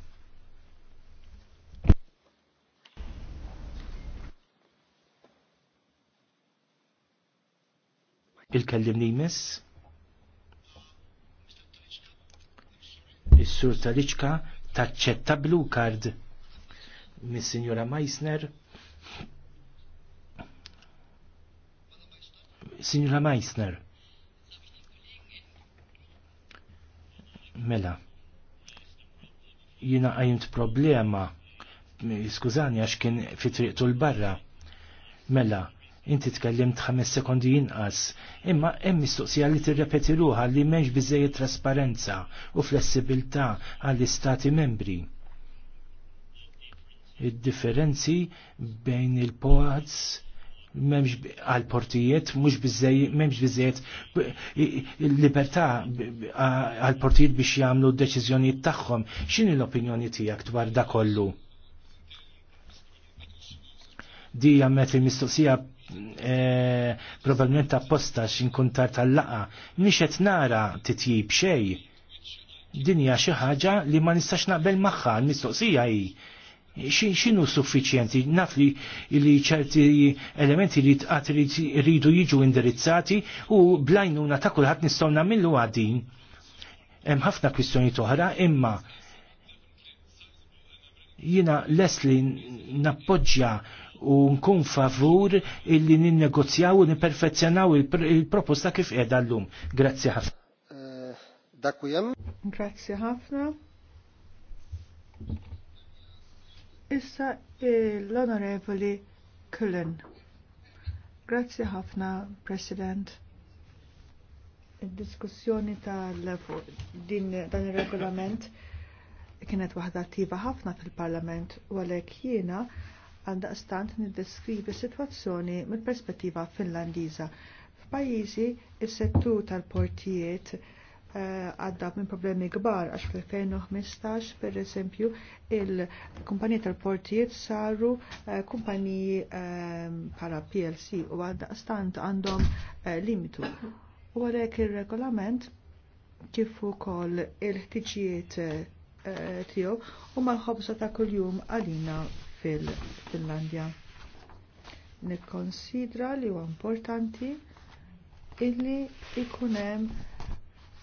Il-kellimni jmiss. Is-sur taliċka taċċetta blue card mis-Sinjora Meissner. Signora Meissner. Mela, jina għajnt problema, skużani għax kien fitriqtu l-barra. Mela, inti tkellimt ħames sekondi jinqas, imma hemm mistoqsija li tirrepeti li m'hemmx biżejjed trasparenza u flessibilità għall-istati membri. Id-differenzi bejn il-poads memx għal-portijiet, mux bizzej, memx bizzejiet libertà għal-portijiet biex jamlu d-deċizjoniet tagħhom. X'inhi l-opinjoni tiegħek dwar da kollu? Di għammet il-mistoqsija e, probabilment apposta x'inkuntar tal-laqa, mhix qed nara titjib xej. Dinja xi ħaġa li ma nistax naqbel magħha, l-mistoqsija hi xinu suffiċjenti, naf li li ċerti elementi li tqat rridu jiġu indirizzati u blajnuna ta' kulħadd nistgħu nagħmlu għaddin. Hemm ħafna kwistjoni oħra, imma jina li nappoġġja u nkun favur illi ninnegozjaw u niperfezzjonaw il-proposta kif qiegħda llum. Grazzi ħafna. Eh, dakujem. Grazzi ħafna. Issa l-Onorevoli Cullen. Grazzi ħafna, President. Id-diskussjoni tal-din dan il-regolament kienet waħda attiva ħafna fil-Parlament u għalhekk jiena stant niddeskrivi s-sitwazzjoni mill-perspettiva Finlandiża. F'pajjiżi is-settur tal-portijiet Eh, għadda minn problemi kbar għax fl-2015 per esempio, il-kumpanija tal-portijiet saru eh, kumpaniji eh, bħala PLC u għadda stant għandhom limitu. U għalek il-regolament kif ukoll il-ħtiġijiet tiegħu u mal-ħobsa ta' kuljum għalina fil-Finlandja. Nikkonsidra li huwa importanti illi ikun hemm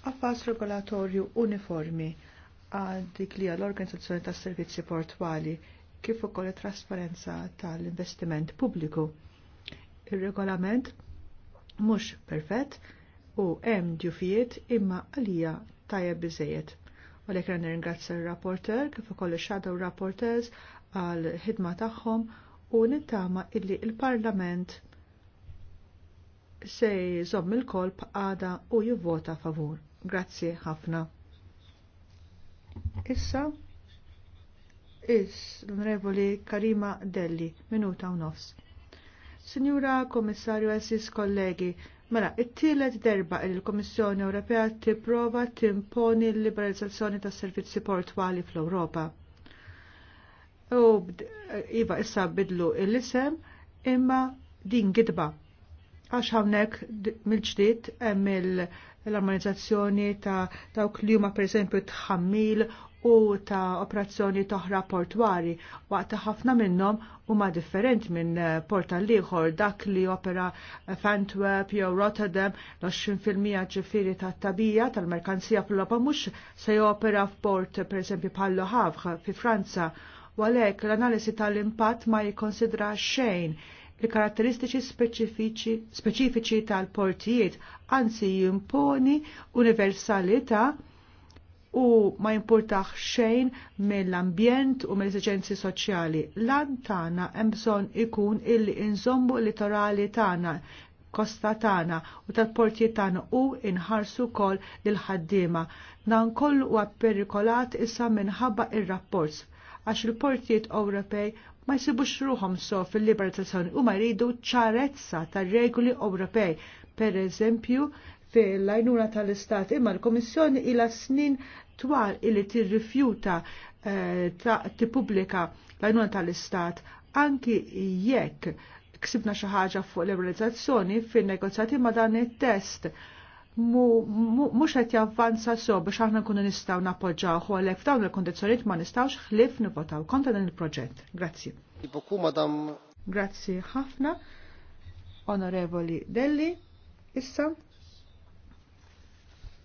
qafas regolatorju uniformi għal dik li għall-organizzazzjoni tas servizzi Portuali kif ukoll it trasparenza tal-investiment pubbliku. Ir-regolament mhux perfett u hemm djufijiet imma għalija tajjeb biżejjed. U lek nirringrazzja r-rapporter kif ukoll il shadow rapporters għal ħidma tagħhom u nittama illi il-Parlament se jżomm il-kolb għada u jivvota favur. Grazzi ħafna. Issa, is l-Onorevoli Karima Delli, minuta u nofs. Signora Komissarju Assis kollegi, mela, it-tielet derba il komissjoni Ewropea tipprova timponi l-liberalizzazzjoni tas servizzi portwali fl-Ewropa. U iva issa bidlu l-isem imma din gidba. Għax hawnhekk mill-ġdid hemm il l-armonizzazzjoni ta' ta' kliuma per esempio tħammil u ta' operazzjoni toħra portwari waqt ħafna minnhom huma differenti minn eh, porta liħor dak li opera f'Antwerp jew Rotterdam l-20% ġifiri tat-tabija tal-merkanzija fl-Europa mhux se jopera f'port pereżempju esempio Pallo Havre fi Franza u għalhekk l-analisi tal-impatt ma jikonsidra xejn li karatteristiċi speċifiċi tal-portijiet, anzi jimponi universalità u ma jimportax xejn mill-ambjent u mill-esigenzi soċjali. Lan tagħna hemm bżonn ikun illi inżombu l-litorali tagħna kosta tagħna u tal-portijiet tana u inħarsu wkoll l ħaddiema. Dan kollu huwa perikolat issa minħabba il rapports għax il-portijiet Ewropej ma jsibux ruħom so fil-liberalizzazzjoni u ma jridu ċarezza tar regoli Ewropej. Per eżempju, fil-lajnuna tal-Istat imma l-Komissjoni ila snin twal illi tirrifjuta eh, tippubblika l lajnuna tal-Istat anki jekk ksibna xi ħaġa fuq liberalizzazzjoni fin-negozjati ma' dan it-test mux qed javvanza so biex aħna nkunu nistgħu nappoġġaw u għalhekk f'dawn il kundizzjonijiet ma nistgħux ħlief nivotaw kontra dan il-proġett. Grazzi. Grazzi ħafna. Onorevoli Delli, issa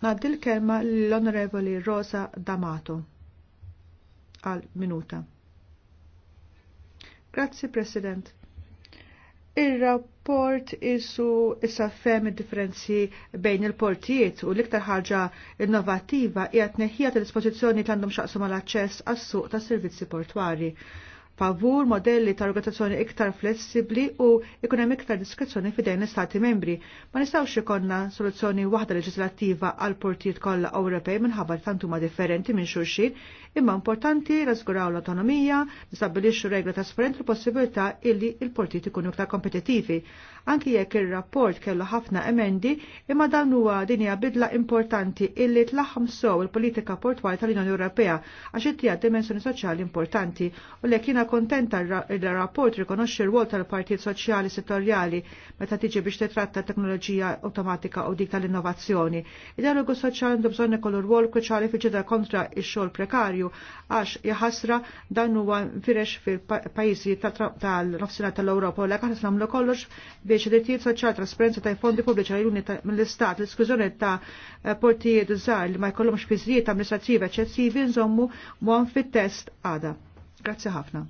Naddi l-kelma l-Onorevoli Rosa D'Amato għal minuta. Grazzi, President. Il-rapport sport isu issa fem differenzi bejn il-portijiet u l-iktar ħaġa innovativa hija tneħħija tal esposizjoni tandum xaqsu mal-aċċess għas-suq tas-servizzi portwari favur modelli ta' organizzazzjoni iktar flessibli u ikun hemm iktar diskrezzjoni fidejn l-Istati membri. Ma nistgħux ikonna soluzzjoni waħda leġislattiva għal portijiet kollha Ewropej minħabba tant huma differenti minn xulxin, imma importanti rażguraw l-autonomija, nistabbilixxu regla trasparenti l possibilità illi l-portijiet ikunu iktar kompetittivi. Anki jekk ir-rapport kellu ħafna emendi, imma dan huwa dinja bidla importanti illi tlaħħam sew il-politika portwali tal-Unjoni Ewropea għax it dimensjoni soċjali importanti u lek jiena kontenta il-rapport rikonoxxi r-wol tal-Partit Soċjali Settorjali meta tiġi biex titratta teknoloġija automatika u dik tal-innovazzjoni. Id-dialogu soċjali għandu bżonn ikollu rwol kruċjali fil-ġidda kontra ix-xogħol prekarju għax jaħasra dan huwa firex fil-pajjiżi tal-nofsinhar tal-Ewropa u lek aħna nagħmlu kollox biex id-dittijiet soċjali trasparenza ta' fondi pubbliċi juni mill-Istat l-iskużjoni ta' portijiet żgħar li ma jkollhomx fiżjiet amministrativi eċċessivi nżommu mhom fit-test għada. Grazzi ħafna.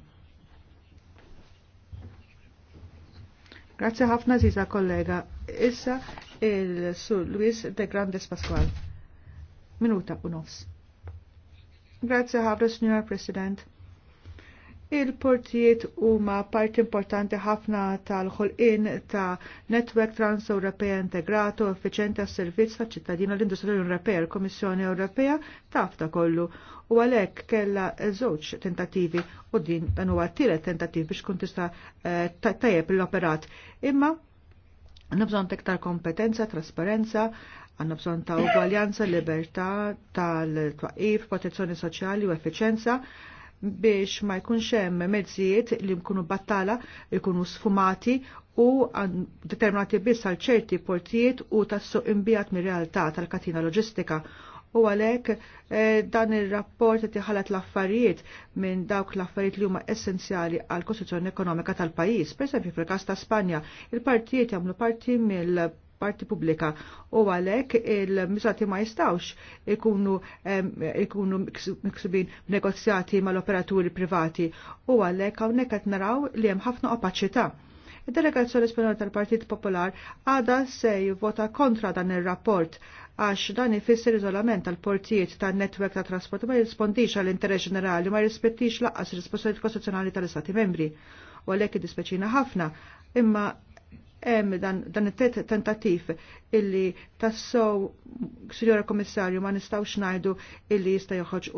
Grazzi ħafna ziza kollega. Issa il-Sur Luis de Grandes Pasqual. Minuta u nofs. Grazzi ħafna, Signor President. Il-portijiet huma parti importanti ħafna tal-ħolqien ta' network trans-Ewropea integrato effiċjenti għas servizz ta' ċittadina l-Industrija Ewropea, l-Kommissjoni Ewropea tafta ta' kollu u għalhekk kellha żewġ tentattivi u din dan huwa t-tielet tentativ biex kun tista' eh, tajjeb l-operat. Imma għandna bżonn iktar kompetenza, trasparenza, għandna bżonn ta' ugwaljanza, libertà tal-twaqif, protezzjoni soċjali u efficienza biex ma jkunx hemm mezzijiet li nkunu battala jkunu sfumati u determinati biss għal ċerti portijiet u tassu imbijat mir-realtà tal-katina loġistika u għalek eh, dan il-rapport qed iħallat l-affarijiet minn dawk l-affarijiet li huma essenzjali għal kostituzzjoni ekonomika tal-pajjiż. Pereżempju fil-każ ta' Spanja, il-partijiet jagħmlu parti mill parti pubblika u għalek il-mizati ma jistawx ikunu, ikunu miksubin negozjati mal-operaturi privati u għalek għawnek għet naraw li hemm ħafna opacita Id-delegazzjoni Spanjola tal-Partit Popolar għada se jivvota kontra dan ir-rapport għax dan ifisser iżolament tal-portijiet tan netwerk ta' trasport ma jirrispondix għall interess ġenerali ma jirrispettix laqqas responsabilità kostituzzjonali tal-Istati membri. U għalhekk id-dispeċina ħafna, imma hemm dan, dan it-tet tentativ illi tassow, Sinjora Komissarju, ma nistgħux ngħidu illi jista' joħroġ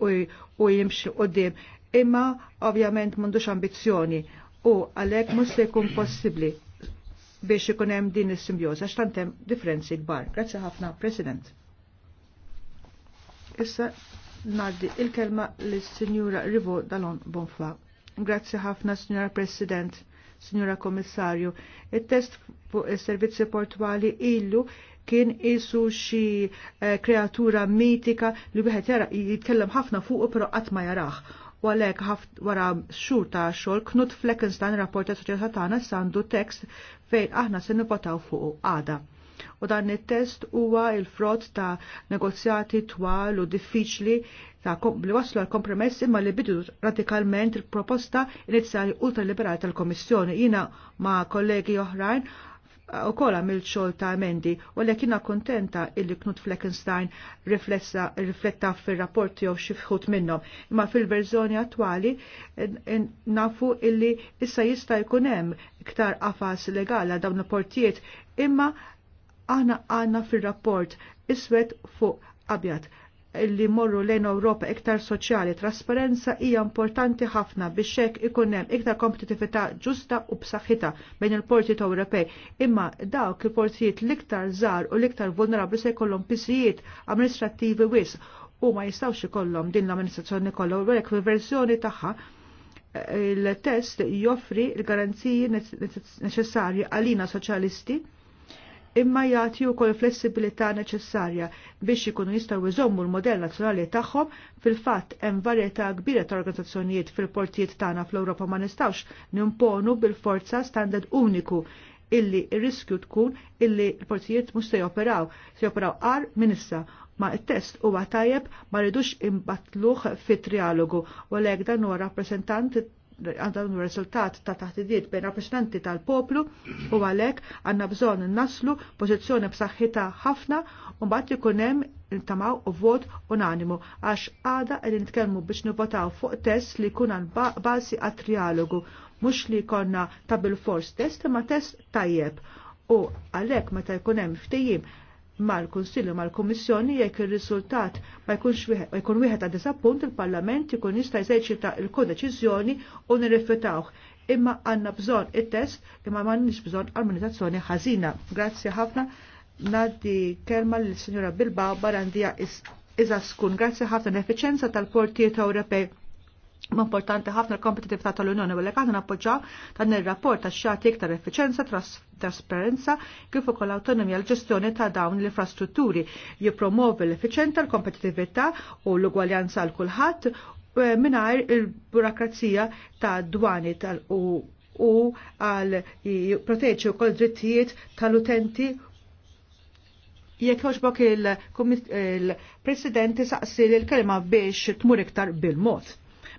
u jimxi qudiem. Imma ovvjament m'għandux ambizzjoni u għalhekk mhux se jkun possibbli biex ikun hemm din is-simbjoża x'tantem differenzi kbar. Grazzi ħafna, President. Issa nardi il-kelma lis-Sinjura Rivo Dalon Bonfa. Grazzi ħafna, Sinjura President. Signora Komissarju, il-test fuq il-servizzi portuali illu kien isu xi eh, kreatura mitika li wieħed jara jitkellem ħafna fuq però qatt ma jaraħ u għalek wara xur ta' xol Knut Fleckenstein rapporta soċjetà tagħna sandu tekst fejn aħna se nipotaw fuq għada. U dan it-test huwa il-frott ta' negozjati twal u diffiċli ta' li waslu għal kompromess imma li bidu radikalment il-proposta inizjali ultraliberali tal-Komissjoni. Jina ma' kollegi oħrajn u kol mill-xol ta' emendi u li kiena kontenta illi Knut Fleckenstein rifletta fil-rapport tiegħu xifħut minnom. minnhom. Imma fil-verżjoni attwali nafu illi issa jista' jkun hemm iktar qafas legali dawn il-portijiet imma aħna għana fil-rapport iswed fuq abjad li morru lejn Ewropa iktar soċjali trasparenza hija importanti ħafna biex hekk ikun hemm iktar kompetitività ġusta u b'saħħitha bejn il-portijiet Ewropej. Imma dawk il-portijiet l-iktar żgħar u l-iktar vulnerabbli se jkollhom pisijiet amministrattivi wis u ma jistgħux ikollhom din l-amministrazzjoni kollha u fil verżjoni tagħha eh, il-test joffri l-garanziji neċessarji għalina soċjalisti imma jagħti wkoll flessibilità neċessarja biex ikunu jistgħu jżommu l-modell nazzjonali tagħhom fil-fatt hemm varjetà kbira ta' organizzazzjonijiet fil-portijiet tagħna fl-Ewropa ma nistgħux nimponu bil-forza standard uniku illi r-riskju tkun illi l-portijiet mhux se joperaw, se joperaw qar minn issa ma t-test huwa tajjeb ma rridux imbatluħ fit-trialogu u lek dan huwa rappresentant għandhom riżultat ta' taħtidiet bejn rappresentanti tal-poplu u għalhekk għandna bżonn naslu pożizzjoni b'saħħitha ħafna u mbagħad ikun hemm intamaw u vot unanimu għax għada li nitkellmu biex nivotaw fuq test li jkun għal bażi għat trialogu mhux li jkollna ta' bil-fors test imma test tajjeb u għalhekk meta jkun hemm ftehim mal konsilju mal-Kummissjoni jekk ir-riżultat ma jkunx jkun wieħed għad disappunt il-Parlament jkun jista' jżejċita l-kodeċiżjoni u nirrifjutawh. Imma għandna bżonn it-test imma m'għandniex bżonn armonizzazzjoni ħażina. Grazzi ħafna ngħaddi kelma lill-Sinjura Bilbao Barandija Iżaskun. Grazzi ħafna l-effiċenza tal-portijiet Ewropej importanti ħafna l-kompetitività tal-Unjoni u l-ekan nappoġġaw dan ir-rapport ta' xati iktar effiċenza, trasparenza kif ukoll l autonomija l-ġestjoni ta' dawn l-infrastrutturi jippromovi l-effiċenza, l-kompetitività u l-ugwaljanza għal kulħadd eh, mingħajr il-burokrazija ta' dwani tal u u għal proteġi u kol drittijiet tal-utenti jekk joġbok il-presidenti saqsi lill kelma biex tmur iktar bil-mod.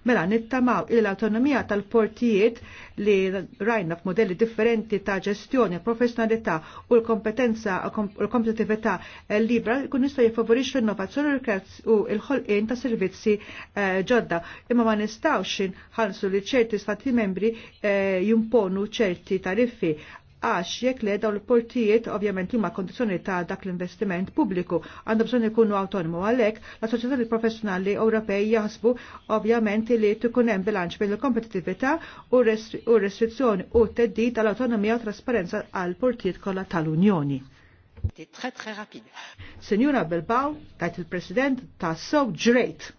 Mela nittamaw il-autonomija tal-portijiet li rajna f'modelli differenti ta' ġestjoni, professionalità u l-kompetenza u l-kompetitività eh, libra kun jista' jifavorixxu l-innovazzjoni u l-ħolqien ta' servizzi eh, ġodda. Imma ma nistgħux inħallsu li ċerti stati membri eh, jimponu ċerti tariffi għax jekk le dawn il-portijiet ovvjament huma kondizzjoni ta' dak l-investiment pubbliku għandu bżonn ikunu autonomu għalhekk l-Assoċjazzjoni Professjonali Ewropej jaħsbu ovvjament li tkun hemm bilanċ bejn il-kompetittività u restrizzjoni u teddid tal autonomija u trasparenza għall portijiet kollha tal-Unjoni. Senjura Belbaw, tajt il-President ta' So Great.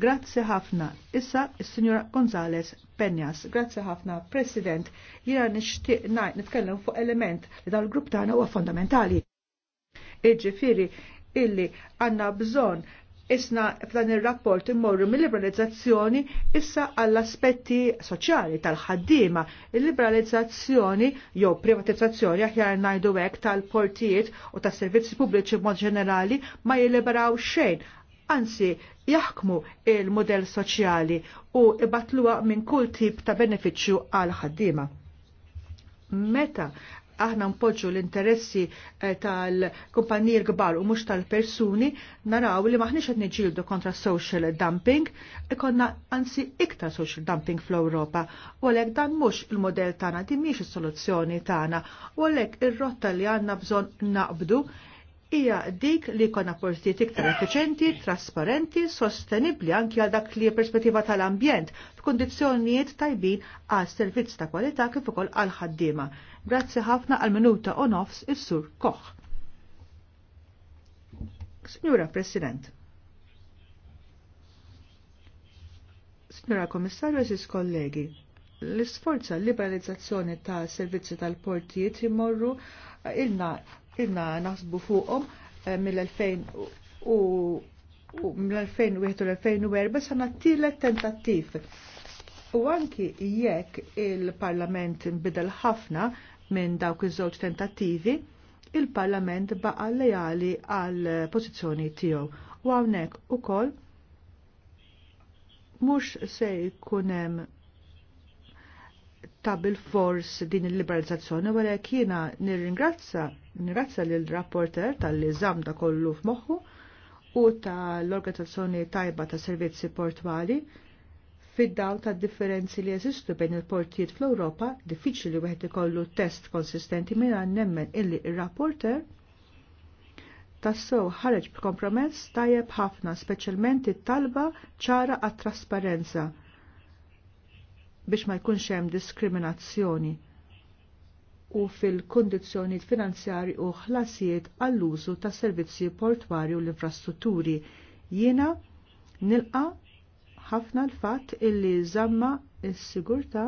Grazzi ħafna. Issa is signora Gonzales Penjas. Grazzi ħafna, President. Jiena nixtieq ngħid nitkellem fuq element li dal-grupp tagħna huwa fondamentali. Iġifieri illi għandna bżonn isna f'dan ir-rapport immorru mill-liberalizzazzjoni issa għall-aspetti soċjali tal-ħaddiema. Il-liberalizzazzjoni jew privatizzazzjoni aħjar ngħidu hekk tal-portijiet u tas-servizzi pubbliċi b'mod ġenerali ma jilliberaw xejn. Anzi, jaħkmu il-modell soċjali u ibatluwa minn kull tip ta' beneficju għal ħaddiema. Meta aħna npoġġu l-interessi eh, tal-kumpaniji kbar u mhux tal-persuni, naraw li maħniex qed niġildu kontra social dumping, ikonna ansi iktar social dumping fl-Ewropa. U għalhekk dan mhux il-modell tagħna, din mhix is-soluzzjoni tagħna. U għalhekk ir-rotta li għandna bżonn naqbdu hija dik li jkollna portijiet iktar effiċenti, trasparenti, sostenibbli anki għal dak li perspettiva tal-ambjent f'kundizzjonijiet tajbin għal servizz ta' kwalità kif ukoll għal ħaddiema. Grazzi ħafna għal minuta u nofs is-sur Koch. Signora President. Signora Komissarju, eżis kollegi, l-isforza liberalizzazzjoni ta' servizzi tal-portijiet imorru ilna ilna naħsbu fuqhom eh, mill-2000 u mill-2001 u l-2004 sana t-tielet tentattiv. U anki jekk il-Parlament nbidel ħafna minn dawk iż-żewġ tentattivi, il-Parlament baqa lejali għal pożizzjoni tiegħu. U hawnhekk ukoll mhux se jkun hemm ta' fors din il-liberalizzazzjoni, wara jiena nirringrazza li l rapporter tal-li zamda kollu f'moħħu u tal-organizzazzjoni tajba ta' servizzi portwali fid daw ta' differenzi li jeżistu bejn il-portijiet fl-Ewropa, diffiċli wieħed ikollu test konsistenti minna nemmen illi il rapporter tassew ħareġ b'kompromess tajjeb ħafna, speċjalment it-talba ċara għat-trasparenza biex ma jkunx hemm diskriminazzjoni u fil-kondizjoni finanzjari u ħlasijiet għall-użu ta' servizzi portwari u l-infrastrutturi. Jiena nilqa ħafna l-fatt illi zamma s-sigurta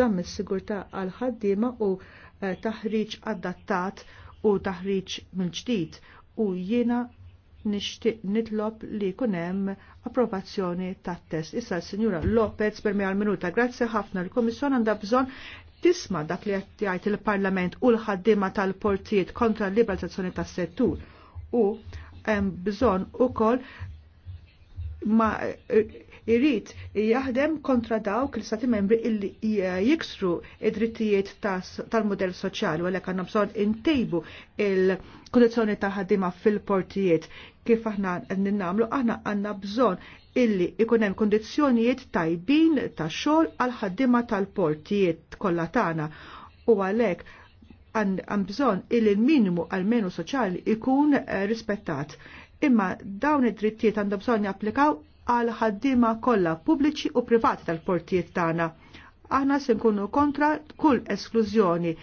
zamm is-sigurta għal ħaddiema u eh, taħriġ adattat u taħriġ mill-ġdid u jiena nixtieq nitlob li jkun hemm approvazzjoni tat-test. Issa l-Sinjura Lopez per għal minuta. Grazzi ħafna l-Komissjon għandha bżonn tisma dak li qed jgħid il-Parlament u l ħaddima tal-portijiet kontra l-liberalizzazzjoni tas-settur u hemm bżonn ukoll ma irrit jaħdem kontra dawk il stati membri illi jiksru id-drittijiet tal model soċjali u għalek għanna bżon intejbu il-kondizjoni ta' ħaddima fil-portijiet kif aħna n-namlu aħna għanna bżon illi ikun hemm tajbin ta' xogħol għal ħaddima tal-portijiet kollha tagħna u għalhekk għan bżon illi l-minimu għal-menu soċjali ikun rispettat. Imma dawn id-drittijiet għandhom bżonn japplikaw għal ħaddima kollha pubbliċi u privati tal-portijiet tagħna. Aħna se nkunu kontra kull esklużjoni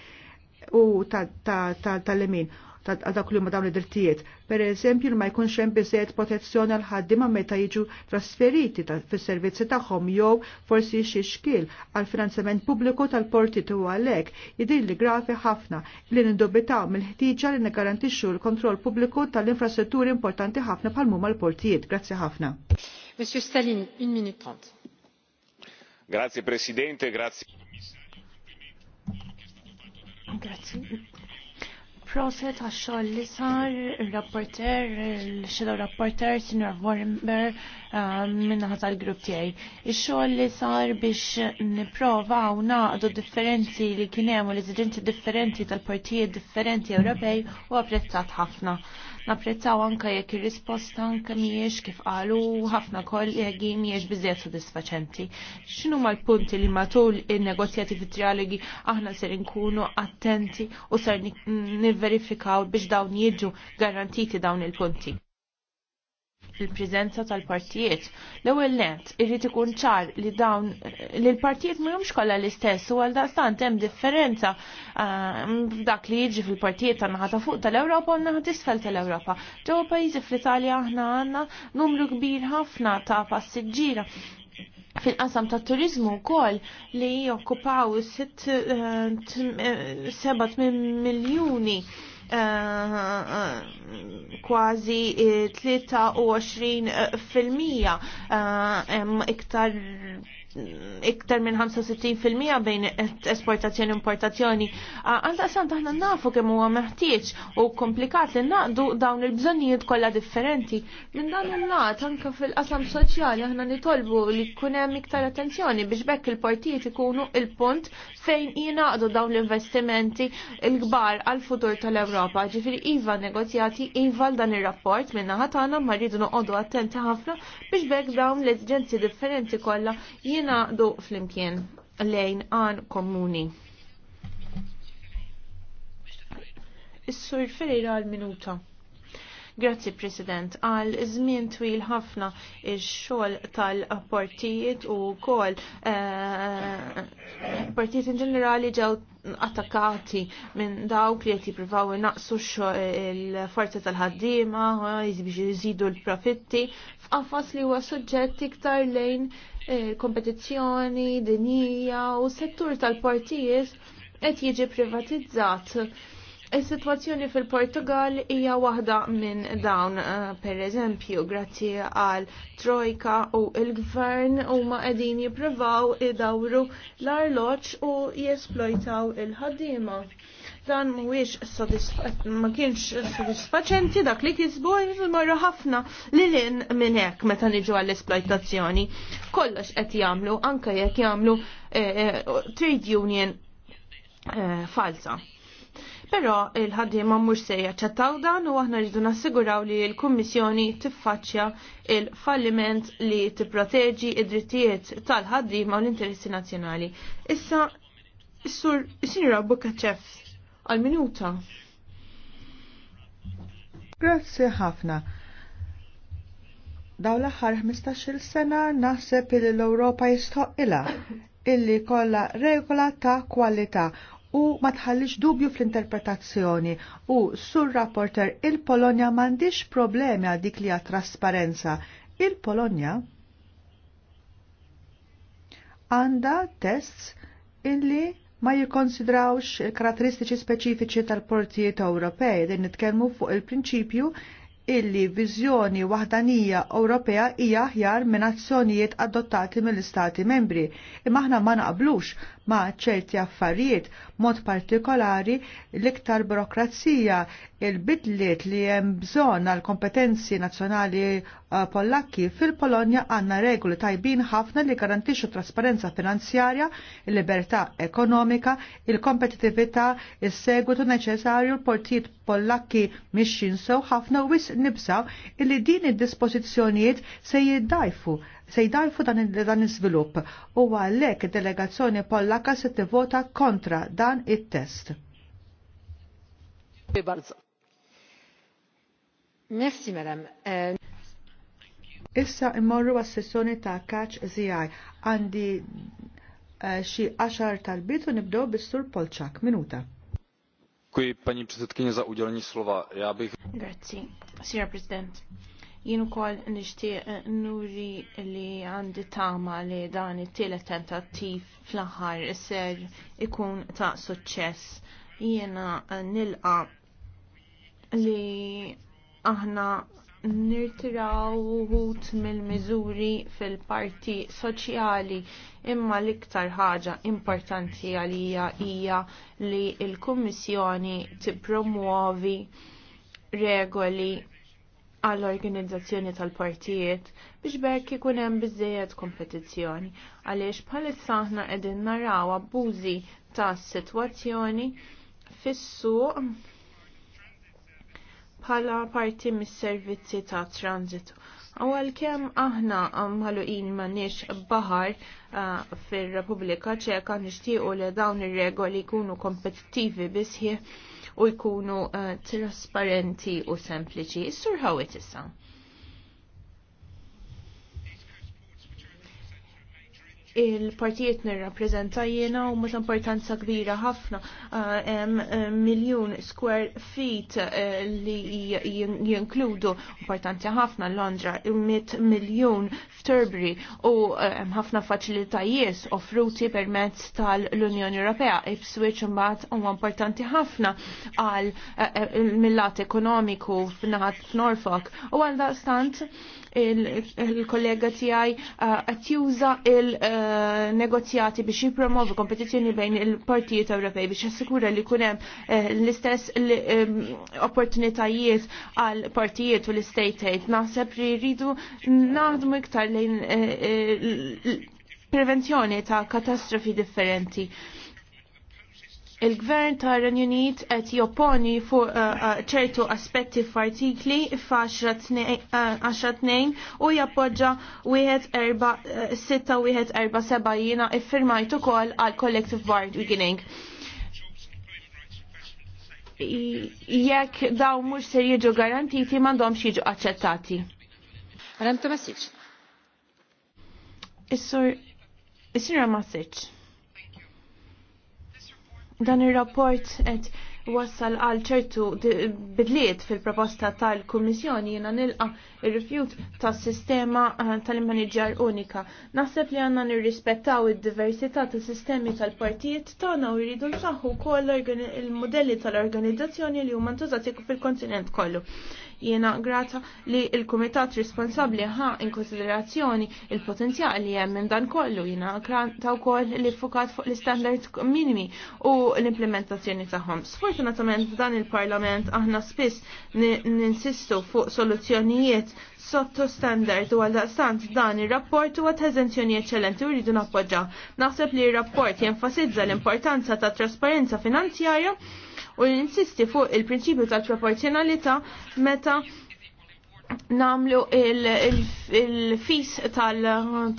u tal-lemin. Ta, ta, ta, ta ta' dak li ma dawn id-drittijiet. Per eżempju, ma jkunx hemm biżejjed protezzjoni għal ħaddiema meta jiġu trasferiti fis-servizzi tagħhom jew forsi xi xkil għal finanzjament pubbliku tal-porti tu għalhekk. Jidhir li grafi ħafna li nindubitaw mill-ħtieġa li niggarantixxu l-kontroll pubbliku tal-infrastrutturi importanti ħafna bħal huma l-portijiet. Grazzi ħafna. Monsieur Stalin, 1 minute trente. Grazie Presidente, grazie. Grazie. Proset xogħol li sar il-rapporter, il-xedaw rapporter, Sinjor Warrenberg, um, minnaħa tal-grupp tiegħi. Ix-xogħol li sar biex nipprova u naqdu differenzi li kien hemm u l-eżiġenzi differenti tal-partijiet differenti Ewropej u apprezzat ħafna. Napprezzaw anka jekk ir-risposta anka mhijiex kif qalu ħafna kollegi mhijiex biżejjed sodisfaċenti. X'inhu l-punti li matul in-negozjati fit-trialogi aħna ser inkunu attenti u ser nivverifikaw biex dawn jiġu garantiti dawn il-punti fil-prezenza tal-partijiet. L-ewwel net, irrid ikun ċar li dawn li l-partijiet m'hemmx kollha l-istess u għal daqstant hemm differenza ah, dak li jiġi fil-partijiet tan-naħa ta' fuq tal-Ewropa u naħa isfel tal-Ewropa. Ġewwa pajjiżi fl-Italja aħna għandna numru kbir ħafna ta' passiġġiera fil-qasam ta' turizmu kol li jokkupaw 7-8 eh, eh, miljoni Eh, kważi 23 eh, eh, fil iktar iktar minn 65% bejn esportazzjoni u importazzjoni. Għalda sant aħna nafu kemm huwa meħtieġ u komplikat li naqdu dawn il-bżonnijiet kollha differenti. Minn dan il-lat anke fil-qasam soċjali aħna nitolbu li jkun hemm iktar attenzjoni biex bekk il-partijiet ikunu il-punt fejn jingħaqdu dawn l-investimenti l-kbar għal-futur tal-Ewropa. Ġifieri iva negozjati iva dan ir-rapport minn naħa tagħna ma rridu noqogħdu attenti ħafna biex bekk dawn l-eġġenzi differenti kollha jien do flimkien lejn għan komuni. Is-sur Ferreira għal-minuta. Grazzi President, għal żmien twil ħafna ix-xogħol tal-partijiet u wkoll eh, partijiet in ġenerali ġew attakkati minn dawk li qed jippruvaw inaqsu il forza tal-ħaddiema biex jiżidu l-profitti f'qafas li huwa suġġett iktar lejn Eh, kompetizzjoni dinija u settur tal-partijiet qed jiġi privatizzat. Is-sitwazzjoni fil-Portugal hija waħda minn dawn eh, per eżempju grazzi għal Trojka u il-Gvern huma qegħdin jippruvaw idawru l-arloġġ u jesplojtaw il-ħaddiema dan mhuwiex ma kienx sodisfaċenti dak li kisbu marra ħafna li lin minn hekk meta niġu għall-esploitazzjoni. Kollox qed jagħmlu anke jekk jagħmlu eh, eh, trade union eh, falsa. Però il-ħaddiema mhux se jaċċettaw dan u aħna rridu nassiguraw li l-Kummissjoni tiffaċċja il-falliment li tipproteġi id-drittijiet tal-ħaddiema u l-interessi nazzjonali. Issa, is-sur, is-sinjura Bukaċef għal-minuta. Grazzi ħafna. Daw l-aħħar 15-il sena naħseb li l-Ewropa jistoqila illi kollha regola ta' kwalità u ma tħallix dubju fl-interpretazzjoni u sur rapporter il-Polonja mandiċ problemi għal dik li għat trasparenza. Il-Polonja għanda tests illi ma jikkonsidrawx karatteristiċi speċifiċi tal-portijiet Ewropej din nitkellmu fuq il-prinċipju illi viżjoni waħdanija Ewropea hija aħjar minn azzjonijiet adottati mill-Istati membri, imma aħna ma naqblux ma' ċerti affarijiet, mod partikolari l-iktar burokrazija, il-bidliet li hemm bżonn għal kompetenzi nazzjonali uh, Pollakki fil-Polonja għandna regoli tajbin ħafna li garantixxu trasparenza finanzjarja, il-libertà ekonomika, il-kompetitività, is-segwitu neċesarju neċessarju l-portijiet Pollakki mixin sew ħafna u wis nibsaw illi din id-dispożizzjonijiet se jiddajfu se jdajfu dan il-svilup u għallek delegazzjoni Pollaka se t-vota kontra dan il test Merci, madame. Euh, Issa immorru għas-sessjoni ta' kaċ zijaj. Għandi eh, xi għaxar tal-bit u nibdew bis-sur Polċak. Minuta. Kuj, Pani prezidentkini, za udzielenie slova. Ja bych... Grazie, Signor Presidente. Jien ukoll nixtieq eh, nuri li għandi tama li dan it-tielet tentattiv fl-aħħar ser ikun ta' suċċess. Jiena eh, nilqa li aħna nirtiraw uħut mill-miżuri fil-parti soċjali imma l-iktar ħaġa importanti għalija hija li l-Kummissjoni tippromuovi regoli għall-organizzazzjoni tal-partijiet biex berk ikun hemm biżejjed kompetizzjoni għaliex bħalissa aħna qegħdin naraw abbużi ta' sitwazzjoni fis-suq bħala parti mis-servizzi ta' transitu. U għalkemm aħna maluqin m'għandniex baħar uh, fir-Repubblika Ċeka nixtiequ li dawn ir-regoli jkunu kompetittivi bisħi u jkunu eh, trasparenti u sempliċi. Is-surħawet issa. il-partijiet nirrappreżenta jena u mhux importanza kbira ħafna ah, miljon eh, miljun square feet eh, li jinkludu importanti ħafna Londra mit miljun f'Turbury u eh, ħafna faċilitajiet offruti permezz tal-Unjoni Ewropea Ipswich imbagħad huwa importanti ħafna għal mill-lat ekonomiku f'naħat f'Norfolk u għal stant il-kollega tiegħi eh, qed juża il-negozjati eh, biex jippromovu kompetizzjoni bejn il-partijiet Ewropej biex jassikura li jkun hemm eh, l-istess opportunitajiet għal partijiet u l-state aid. Naħseb li jridu naħdmu iktar lejn prevenzjoni ta' katastrofi differenti. Il-gvern ta' Renjunit qed jopponi fuq eh, eh, ċertu aspetti f'artikli f'10-2 eh, u jappoġġa 1 erba' 6 1 erba' 7 jina iffirmajt ukoll għal collective bargaining. Jekk daw mhux ser jiġu garantiti m'għandhomx jiġu aċċettati. Madam Tomasic. Is-sur is Dan ir-rapport qed wassal għal ċertu bidliet fil-proposta tal-Kummissjoni jena nilqa il-rifjut tas sistema eh, tal-immaniġjar unika. Naħseb li għanna nirrispettaw id-diversità tas sistemi tal-partijiet tagħna u jridu nsaħħu kol il-modelli tal-organizzazzjoni li huma ntużati fil-kontinent kollu. Jiena grata li il-Kumitat responsabli ħa in konsiderazzjoni il-potenzjal li hemm minn dan kollu jiena grata wkoll li fukat fuq l-standard minimi u l-implementazzjoni tagħhom. Sfortunatament dan il-Parlament aħna spiss ninsistu fuq soluzzjonijiet sotto standard u għaldaqstant dan il-rapport u għat-eżenzjoni eccellenti u rridu nappoġġa. Naħseb li il-rapport jenfasizza l-importanza ta' trasparenza finanzjarja u ninsisti fuq il-prinċipju tal-proporzjonalità meta namlu il-fis il,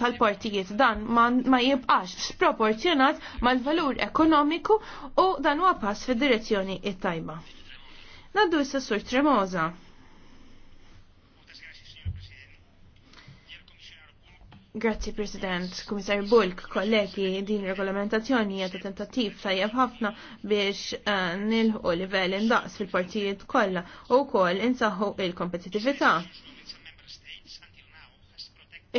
tal-partijiet tal dan ma, ma jibqax sproporzjonat mal-valur ekonomiku u dan huwa pass fid-direzzjoni it-tajba. Naddu issa sur Tremoza. Grazzi President, Komissar Bulk, kollegi, din regolamentazzjoni għed tentativ tajjeb ħafna biex uh, nilħu livell indaqs fil-partijiet kollha u wkoll insaħħu il-kompetitività.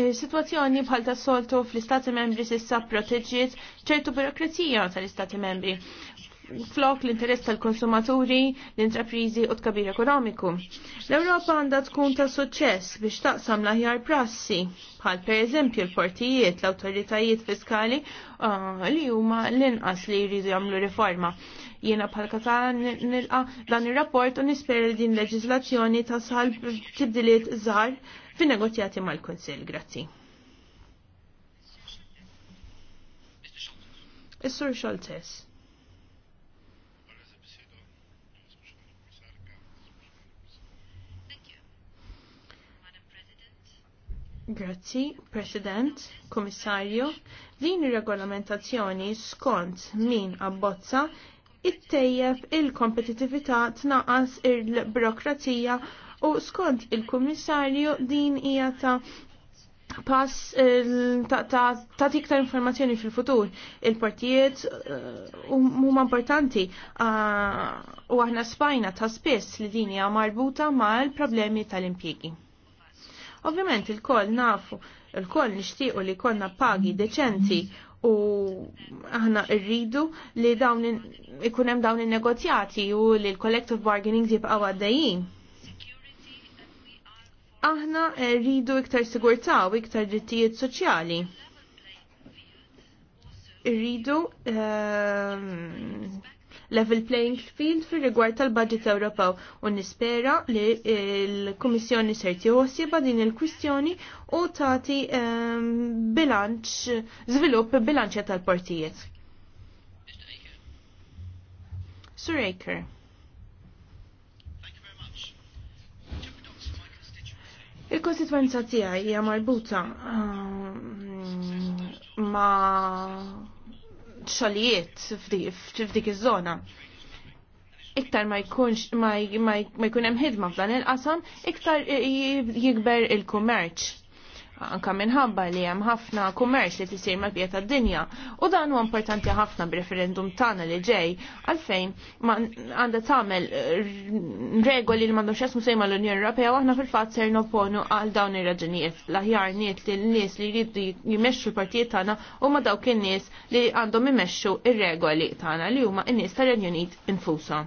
Il-situazzjoni bħal tas soltu fl-Istati membri sissa proteġiet ċertu burokrazija tal-Istati membri flok l-interess tal-konsumaturi, l-intraprizi u tkabir ekonomiku. L-Europa għandha tkun ta' suċċess biex taqsam l-aħjar prassi, bħal per eżempju l-portijiet, l-autoritajiet fiskali uh, li huma l-inqas li jridu jagħmlu riforma. Jiena bħal kata nilqa dan ir-rapport u nispera li din leġiżlazzjoni sal tibdiliet żgħar fin-negozjati mal-Kunsill. Grazzi. Is-Sur Xoltes. Grazzi, President, Komissarju. Din ir-regolamentazzjoni skont min abbozza ittejjeb il-kompetitività tnaqqas il-burokrazija u skont il-Kummissarju din hija ta' pass ta', tiktar informazzjoni fil-futur. Il-partijiet eh, um, huma importanti ah, u aħna spajna ta' spess li din hija marbuta mal-problemi tal-impjegi. Ovvjament il-koll nafu, il-koll nixtiequ li konna pagi deċenti u aħna rridu li dawn ikun hemm dawn in-negozjati u li l-collective bargaining jibqa' għaddejjin. Aħna rridu iktar sigurtà u iktar drittijiet soċjali. Irridu ehm, level playing field fir rigward tal-budget Ewropew u nispera li l-Kummissjoni ser tieħu din il-kwistjoni u tagħti ehm, bilanċ żvilupp bilanċja tal-partijiet. Sir Aker. Il-konsekwenza tiegħi hija marbuta ehm, ma xogħlijiet f'dik iż-żona. Iktar ma jkunx ma jkun hemm ħidma f'dan il-qasam, iktar jikber il-kummerċ anka minħabba li hemm ħafna kummerċ li tisir mal-bija tad-dinja u dan huwa importanti ħafna b'referendum tagħna li ġej għalfejn għandha tagħmel eh, regoli li m'għandhomx jasmu sejma l-Unjoni Ewropea u aħna fil-fatt ser nopponu għal dawn ir-raġunijiet l-aħjar niet li n-nies li jridu jimexxu l-partijiet tagħna huma dawk in-nies li għandhom imexxu ir-regoli tagħna li huma n-nies tar-Renju Unit infusa.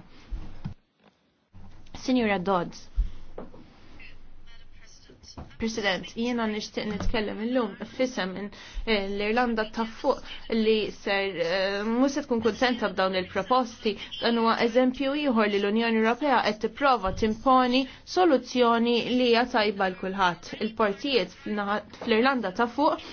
Signora Dodds. President, jiena nixtieq nitkellem illum fissem eh, l-Irlanda ta' fuq li ser eh, mhux se tkun b'dawn il-proposti dan huwa eżempju ieħor li l-Unjoni Ewropea qed tipprova timponi soluzzjoni li hija tajba l kulħadd. Il-partijiet fl-Irlanda ta' fuq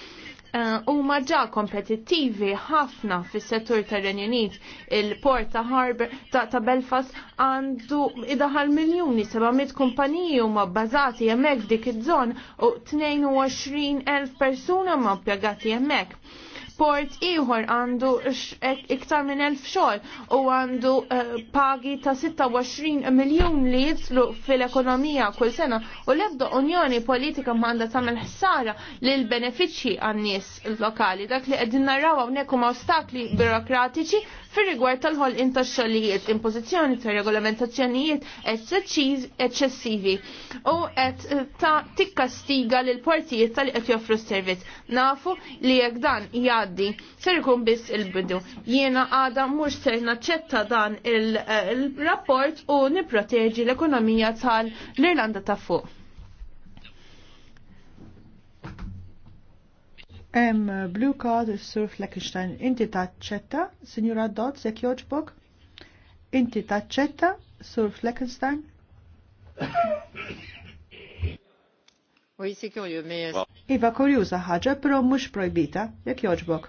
Eh, huma maġġa kompetittivi ħafna fis-settur tar-Renju Unit. Il-port ta' Harbor ta', ta Belfast għandu idaħal miljuni 700 kumpaniji huma bbażati hemmhekk f'dik iż-żon u 22,000 persuna ma' pjagati hemmhekk sport ieħor għandu iktar minn elf xogħol u għandu eh, pagi ta' 26 miljun li jitlu fil-ekonomija kull sena u l-ebda unjoni politika manda tagħmel ħsara lil benefiċċji għan-nies lokali dak li qegħdin narraw hawnhekk huma ostakli birokratiċi fir rigward tal-ħolqien tax-xogħlijiet, impożizzjoni ta' regolamentazzjonijiet eċċessivi u qed eh, ta' tikkastiga lil partijiet tal qed joffru s-servizz. Nafu li jekk dan jgħaddi ser ikun biss il-bidu. Jiena għada mhux ser naċċetta dan eh, il-rapport u nipproteġi l-ekonomija tal-Irlanda ta' fuq. Em blue card is-sur Fleckenstein. Inti taċċetta, signora Dodds, jekk joġbok? Inti taċċetta, sur Fleckenstein? Oui, c'est curieux, mais... Euh, iva kurjuża ħaġa, però mhux projbita, jekk joġbok.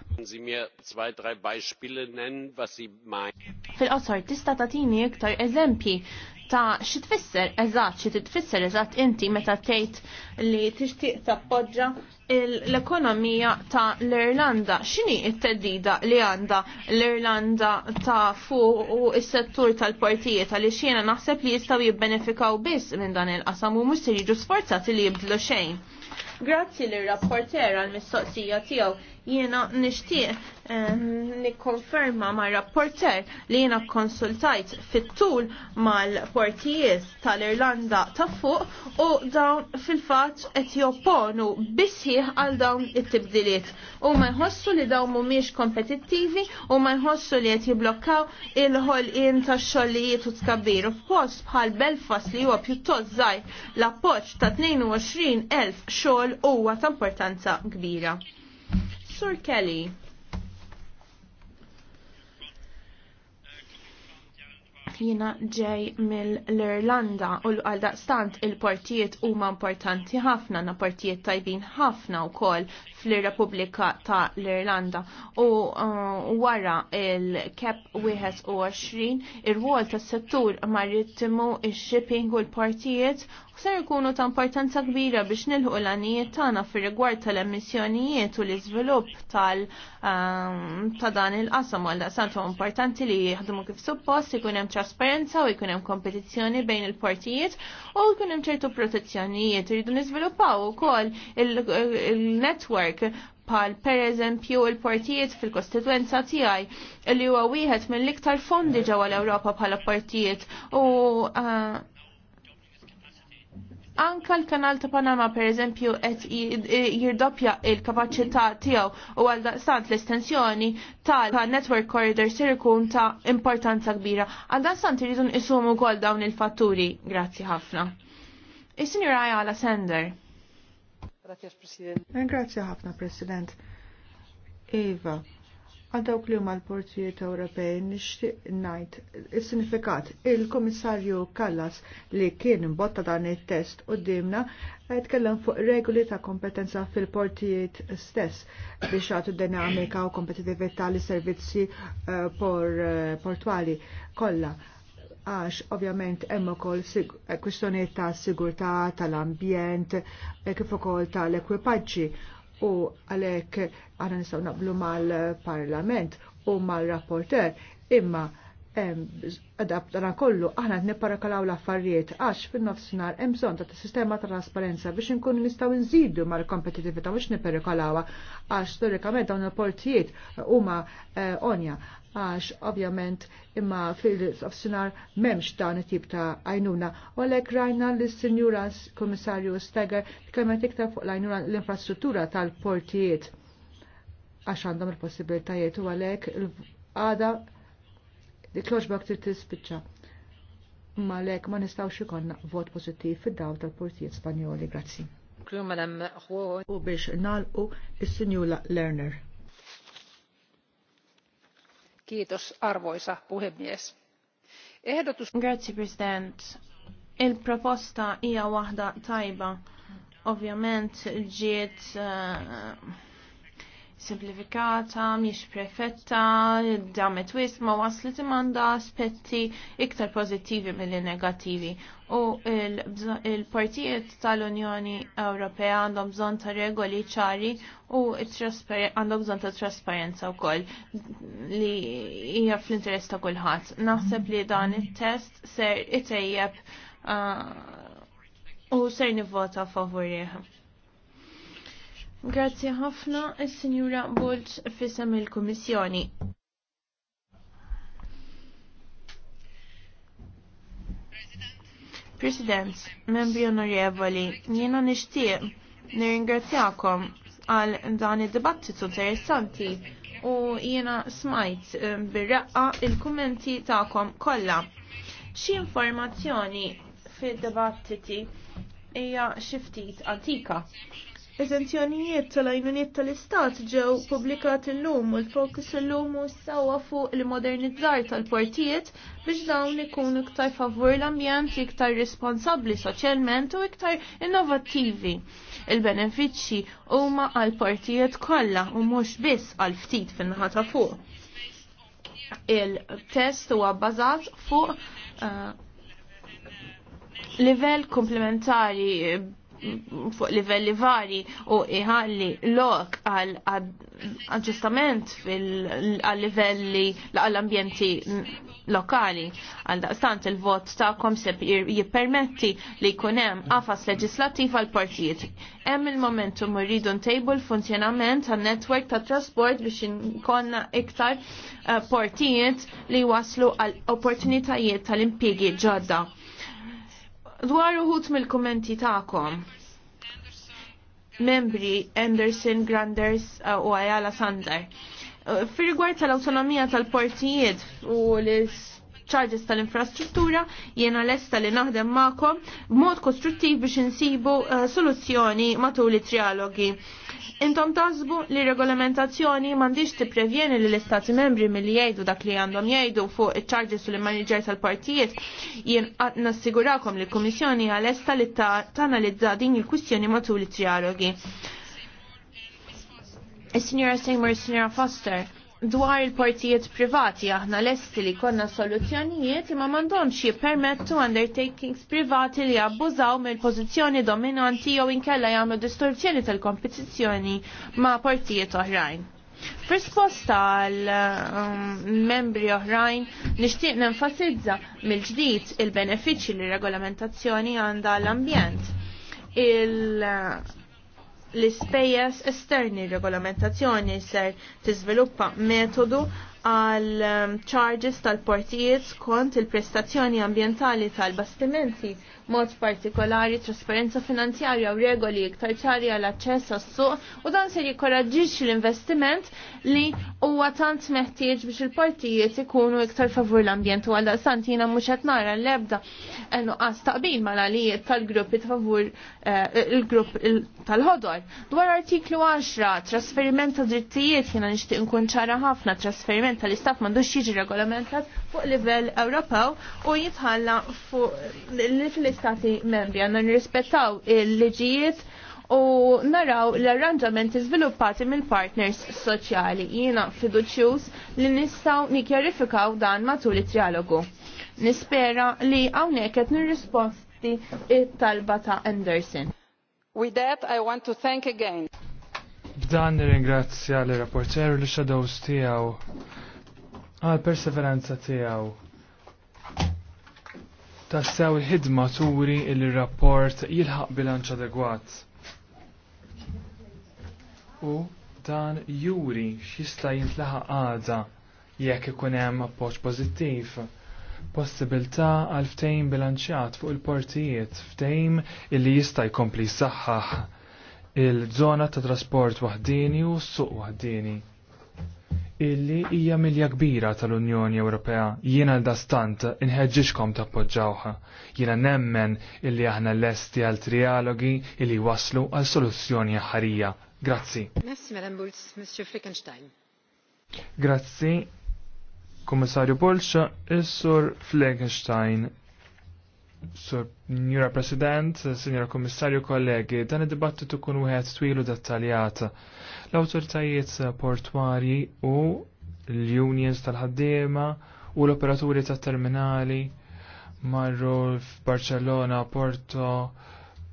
Fil-qosor tista' tagħtini iktar eżempji ta' xi tfisser eżatt, xi eżatt inti meta tgħid li tixtieq tappoġġa l-ekonomija ta' l-Irlanda. X'inhi t-teddida li għandha l-Irlanda ta' fuq u s-settur tal-partijiet għaliex xiena naħseb li jistgħu jibbenefikaw biss minn dan il-qasam u mhux se jiġu sforzati li jibdlu xejn. Grazzi l rapportera għall mistoqsija tiegħu Jiena nixtieq ehm, nikkonferma ma' rapporter li jiena konsultajt fit-tul mal-portijiet tal-Irlanda ta' fuq u dawn fil-fatt qed jopponu bisħieħ għal dawn it-tibdiliet. U ma jħossu li dawn mhumiex kompetittivi u ma jħossu li qed jiblokkaw il-ħolqien tax xollijiet u tkabbir. F'post bħal Belfast li huwa pjuttost żgħir l-appoġġ ta' 22,000 xogħol huwa ta' importanza kbira. Sur Kelly. Jina ġej mill-Irlanda u għal daqstant il-partijiet huma importanti ħafna na partijiet tajbin ħafna u kol fl-Repubblika ta' l-Irlanda u uh, wara il-Kep 21 ir-rwol tas-settur marittimu ix-shipping u l-partijiet ser ikunu ta' importanza kbira biex nilħu l-għanijiet tagħna fir-rigward tal-emissjonijiet u l-iżvilupp tal um, ta' dan il-qasam għal daqsantu importanti li jieħdmu kif suppost ikun hemm trasparenza u jkun hemm kompetizzjoni bejn il-partijiet u jkun hemm ċertu protezzjonijiet irridu niżviluppaw ukoll il-network network pal per eżempju il-partijiet fil-kostituenza tiegħi li huwa wieħed mill-iktar fondi ġewwa l-Ewropa bħala partijiet u uh, anka l-kanal ta' Panama per eżempju qed jirdoppja il-kapaċità tiegħu u għal daqstant l-estensjoni tal-network corridor sir ikun ta' importanza kbira. Għal daqstant irridu nqisumu wkoll dawn il-fatturi. Grazzi ħafna. Is-Sinjura Ajala Sender. Grazie, ħafna, President. Iva, għadawk li huma l-portijiet Ewropej nixtieq ngħid is-sinifikat il-Kummissarju Kallas li kien imbotta dan it-test dimna tkellem fuq regoli ta' kompetenza fil-portijiet stess biex għatu dinamika u kompetitività li servizzi uh, eh, por, uh, portwali kollha għax ovvjament hemm ukoll eh, kwistjonijiet ta' sigurtà tal-ambjent eh, kif ukoll tal-ekwipaġġi u għalhekk aħna nistgħu naqblu mal-Parlament u mal-rapporter imma għadabtana kollu, aħna qed nipparakalaw l-affarijiet, għax fin-nofsinhar hemm bżonn ta' sistema ta' trasparenza biex inkunu nistgħu nżidu mal-kompetitività biex nipperikolawha għax storikament dawn il-portijiet huma eh, onja għax ovvjament imma fil-safsinar memx dan tip ta' għajnuna. U għalek rajna li s-Sinjura Komissarju Steger kemmet iktar fuq l-għajnuna l-infrastruttura tal-portijiet għax għandhom il-possibilitajiet u għalek għada il-kloġbak t tispicċa Ma lek ma nistawx ikonna vot pozittiv fid-daw tal-portijiet Spanjoli. Grazzi. U biex nalqu is-Sinjura Lerner arvoisa puhemies. Ehdotus... Grazie President. Il-proposta hija waħda tajba. Ovvjament ġiet uh, simplifikata, miex prefetta, damet ma' waslet imanda aspetti iktar pozittivi mill negativi. U il-partijiet tal-Unjoni Ewropea għandhom bżon ta' regoli ċari u għandhom bżon ta' trasparenza u koll li hija fl-interess ta' kulħadd. Naħseb li dan it-test ser itejjeb uh, u ser nivvota favorih. Grazzi ħafna, il-Sinjura Bulċ fissam il-Komissjoni. President, membri onorevoli, jiena nixtieq nirringrazzjakom għal dan id-dibattitu interessanti u jiena smajt eh, bir-raqqa il-kummenti tagħkom kollha. Xi informazzjoni fid-dibattiti hija xi ftit antika Eżenzjonijiet tal-għajnuniet tal-istat ġew publikat il-lum u l-fokus illum u sawa fuq il-modernizzar tal-portijiet biex dawn ikunu iktar favur l-ambjent, iktar responsabli soċjalment u iktar innovattivi. Il-benefiċċji huma għal portijiet kollha u mhux biss għal ftit fin-naħa ta' fuq. Il-test huwa bbażat fuq uh, livell komplementari fuq livelli vari u iħalli lok għal aġġustament għal livelli għall-ambjenti lokali. Għal daqstant il-vot ta' komseb jippermetti li kunem għafas leġislativ għal partijiet. Hemm il-momentum rridu ntejbu l-funzjonament għal netwerk ta' trasport biex nkonna iktar eh, partijiet li waslu għal opportunitajiet tal-impjegi ġodda dwar uħut mill-kommenti ta'kom. Membri Anderson, Granders uh, u Ayala Sander. Uh, fi rigward tal-autonomija tal-portijiet u l charges tal-infrastruttura, jiena lesta li naħdem ma'kom b'mod kostruttiv biex insibu eh, soluzzjoni matul it-trialogi. Intom tasbu li regolamentazzjoni mandiġ tipprevjeni li l-Istati membri mill jgħidu dak li għandhom jgħidu fuq iċ-charges u l-manager tal-partijiet jien nassigurakom li l-Kummissjoni għal li tanalizza din il-kwistjoni matul it-trialogi. Signora sinjora Seymour, il-Signora Foster, dwar il-partijiet privati aħna lesti li konna soluzzjonijiet imma m'għandhomx jippermettu undertakings privati li abbużaw mill-pożizzjoni dominanti jew inkella jagħmlu distorzjoni tal-kompetizzjoni ma' partijiet oħrajn. Risposta għal um, membri oħrajn nixtieq nenfasizza mill-ġdid il-benefiċċji li regolamentazzjoni għandha l-ambjent l-ispejjeż esterni regolamentazzjoni ser tiżviluppa metodu għal um, charges tal-portijiet kont il-prestazzjoni ambientali tal-bastimenti mod partikolari trasparenza finanzjarja u regoli iktar ċari għal aċċess għas-suq u dan se jikkoraġġix l-investiment li huwa tant meħtieġ biex il-partijiet ikunu iktar favur l-ambjent u għal santina mhux qed nara l-ebda nuqqas taqbil mal-għalijiet tal gruppi favur eh, il-grupp tal-ħodor. Dwar artiklu 10, trasferiment ta' drittijiet jiena nixtieq nkun ċara ħafna trasferiment tal istat m'għandux jiġi regolamentat fuq livell Ewropew u jitħalla fuq l-istati membri għanna nirrispettaw il-liġijiet u naraw l-arranġamenti sviluppati mill-partners soċjali. Jiena fiduċjus li nistaw nikjarifikaw dan matul it-trialogu. Nispera li hawnhekk qed nirrisposti it-talba ta' Anderson. With that, I want to thank again. B'dan nirringrazzja l rapporteru li shadows tiegħu għal perseveranza tiegħu tassew il-ħidma turi il-rapport jilħaq bilanċ adegwat. U dan juri x'jista' jintlaħaq għada jekk ikun hemm appoġġ pożittiv possibilità għal ftejn bilanċjat fuq il-portijiet, ftejn illi jista' jkompli saħħaħ il-żona ta' trasport waħdini u s-suq waħdini illi hija milja kbira tal-Unjoni Ewropea. Jiena l-dastant inħeġġixkom tappoġġawha. Jiena nemmen illi aħna lesti għal trialogi illi waslu għal soluzzjoni ħarija. Grazzi. Madam Bulz, Grazzi, Kommissarju Bolxa, Is-Sur Fleckenstein Signora President, Signora Kommissarju, kollegi, dan id-dibattitu kun wieħed twilu dettaljat. L-autoritajiet portwari u l-unions tal-ħaddiema u l-operaturi tat-terminali marru f'Barcellona, Porto,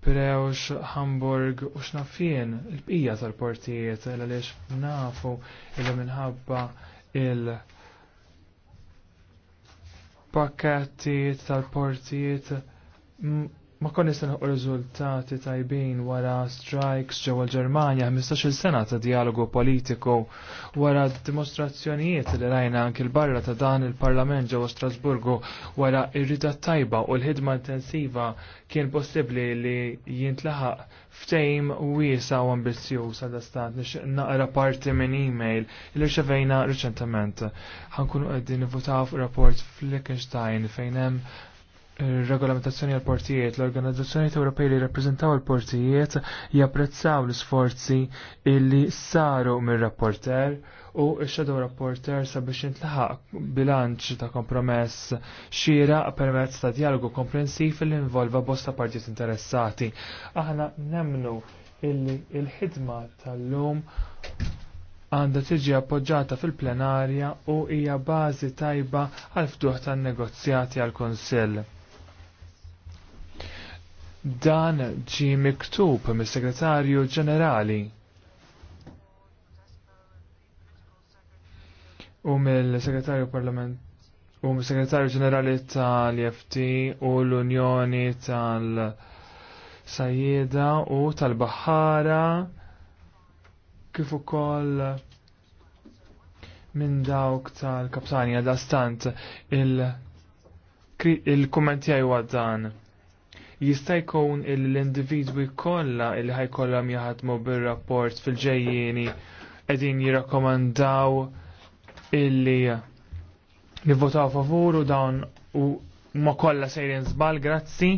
Preux, Hamburg u xnafien il-bqija tal-portijiet għalix nafu il-minħabba il-, -il pakketti tal-portijiet mm, Ma konni sena u rizultati tajbin wara strikes ġewwa l-Ġermanja 15-il sena ta' dialogu politiku wara dimostrazzjonijiet li rajna anki l-barra ta' dan il-Parlament ġewwa Strasburgu wara irrida tajba u l-ħidma intensiva kien possibbli li jintlaħaq ftejm wiesa u ambizzjuż għal stat nix naqra parti minn email li rċevejna riċentament. Ħankunu qegħdin nivutaw fuq rapport fl fejn hemm regolamentazzjoni għal portijiet l-organizzazzjonijiet Ewropej li rappreżentaw il-portijiet japprezzaw l-sforzi illi saru mir-rapporter u x-shadow rapporter sabiex intlaħaq bilanċ ta' kompromess xira permezz ta' dialogu komprensiv li involva bosta partijiet interessati. Aħna nemnu illi il-ħidma tal-lum għanda tiġi appoġġata fil-plenarja u hija bażi tajba għal ftuħ tan-negozjati għal-Konsill. Dan ġi miktub mis-Segretarju Ġenerali u mill-Segretarju Parlament u mill-Segretarju Ġenerali tal-EFT u l-Unjoni tal-Sajjeda u tal-Bahara kif ukoll minn dawk tal-Kaptanja da stant il-kummenti il għaj dan jista' jkun l-individwi kollha li ħajkollhom jaħdmu bir-rapport fil-ġejjieni qegħdin jirrakkomandaw illi nivvotaw favur u dawn u ma kollha sejrin żball grazzi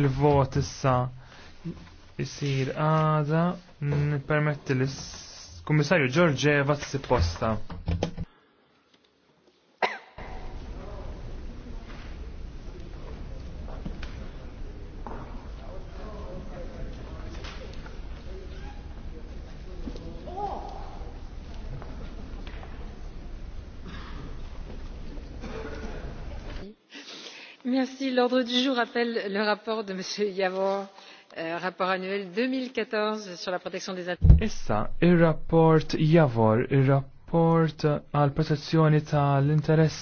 il-vot issa jisir għada permetti l-Kummissarju Giorgeva t-sipposta. l'ordre du jour appelle le rapport de m. Yavor, euh, rapport annuel 2014 sur la protection des intérêts. Issa, il rapport Yavor, il rapport għal protezzjoni tal-interessi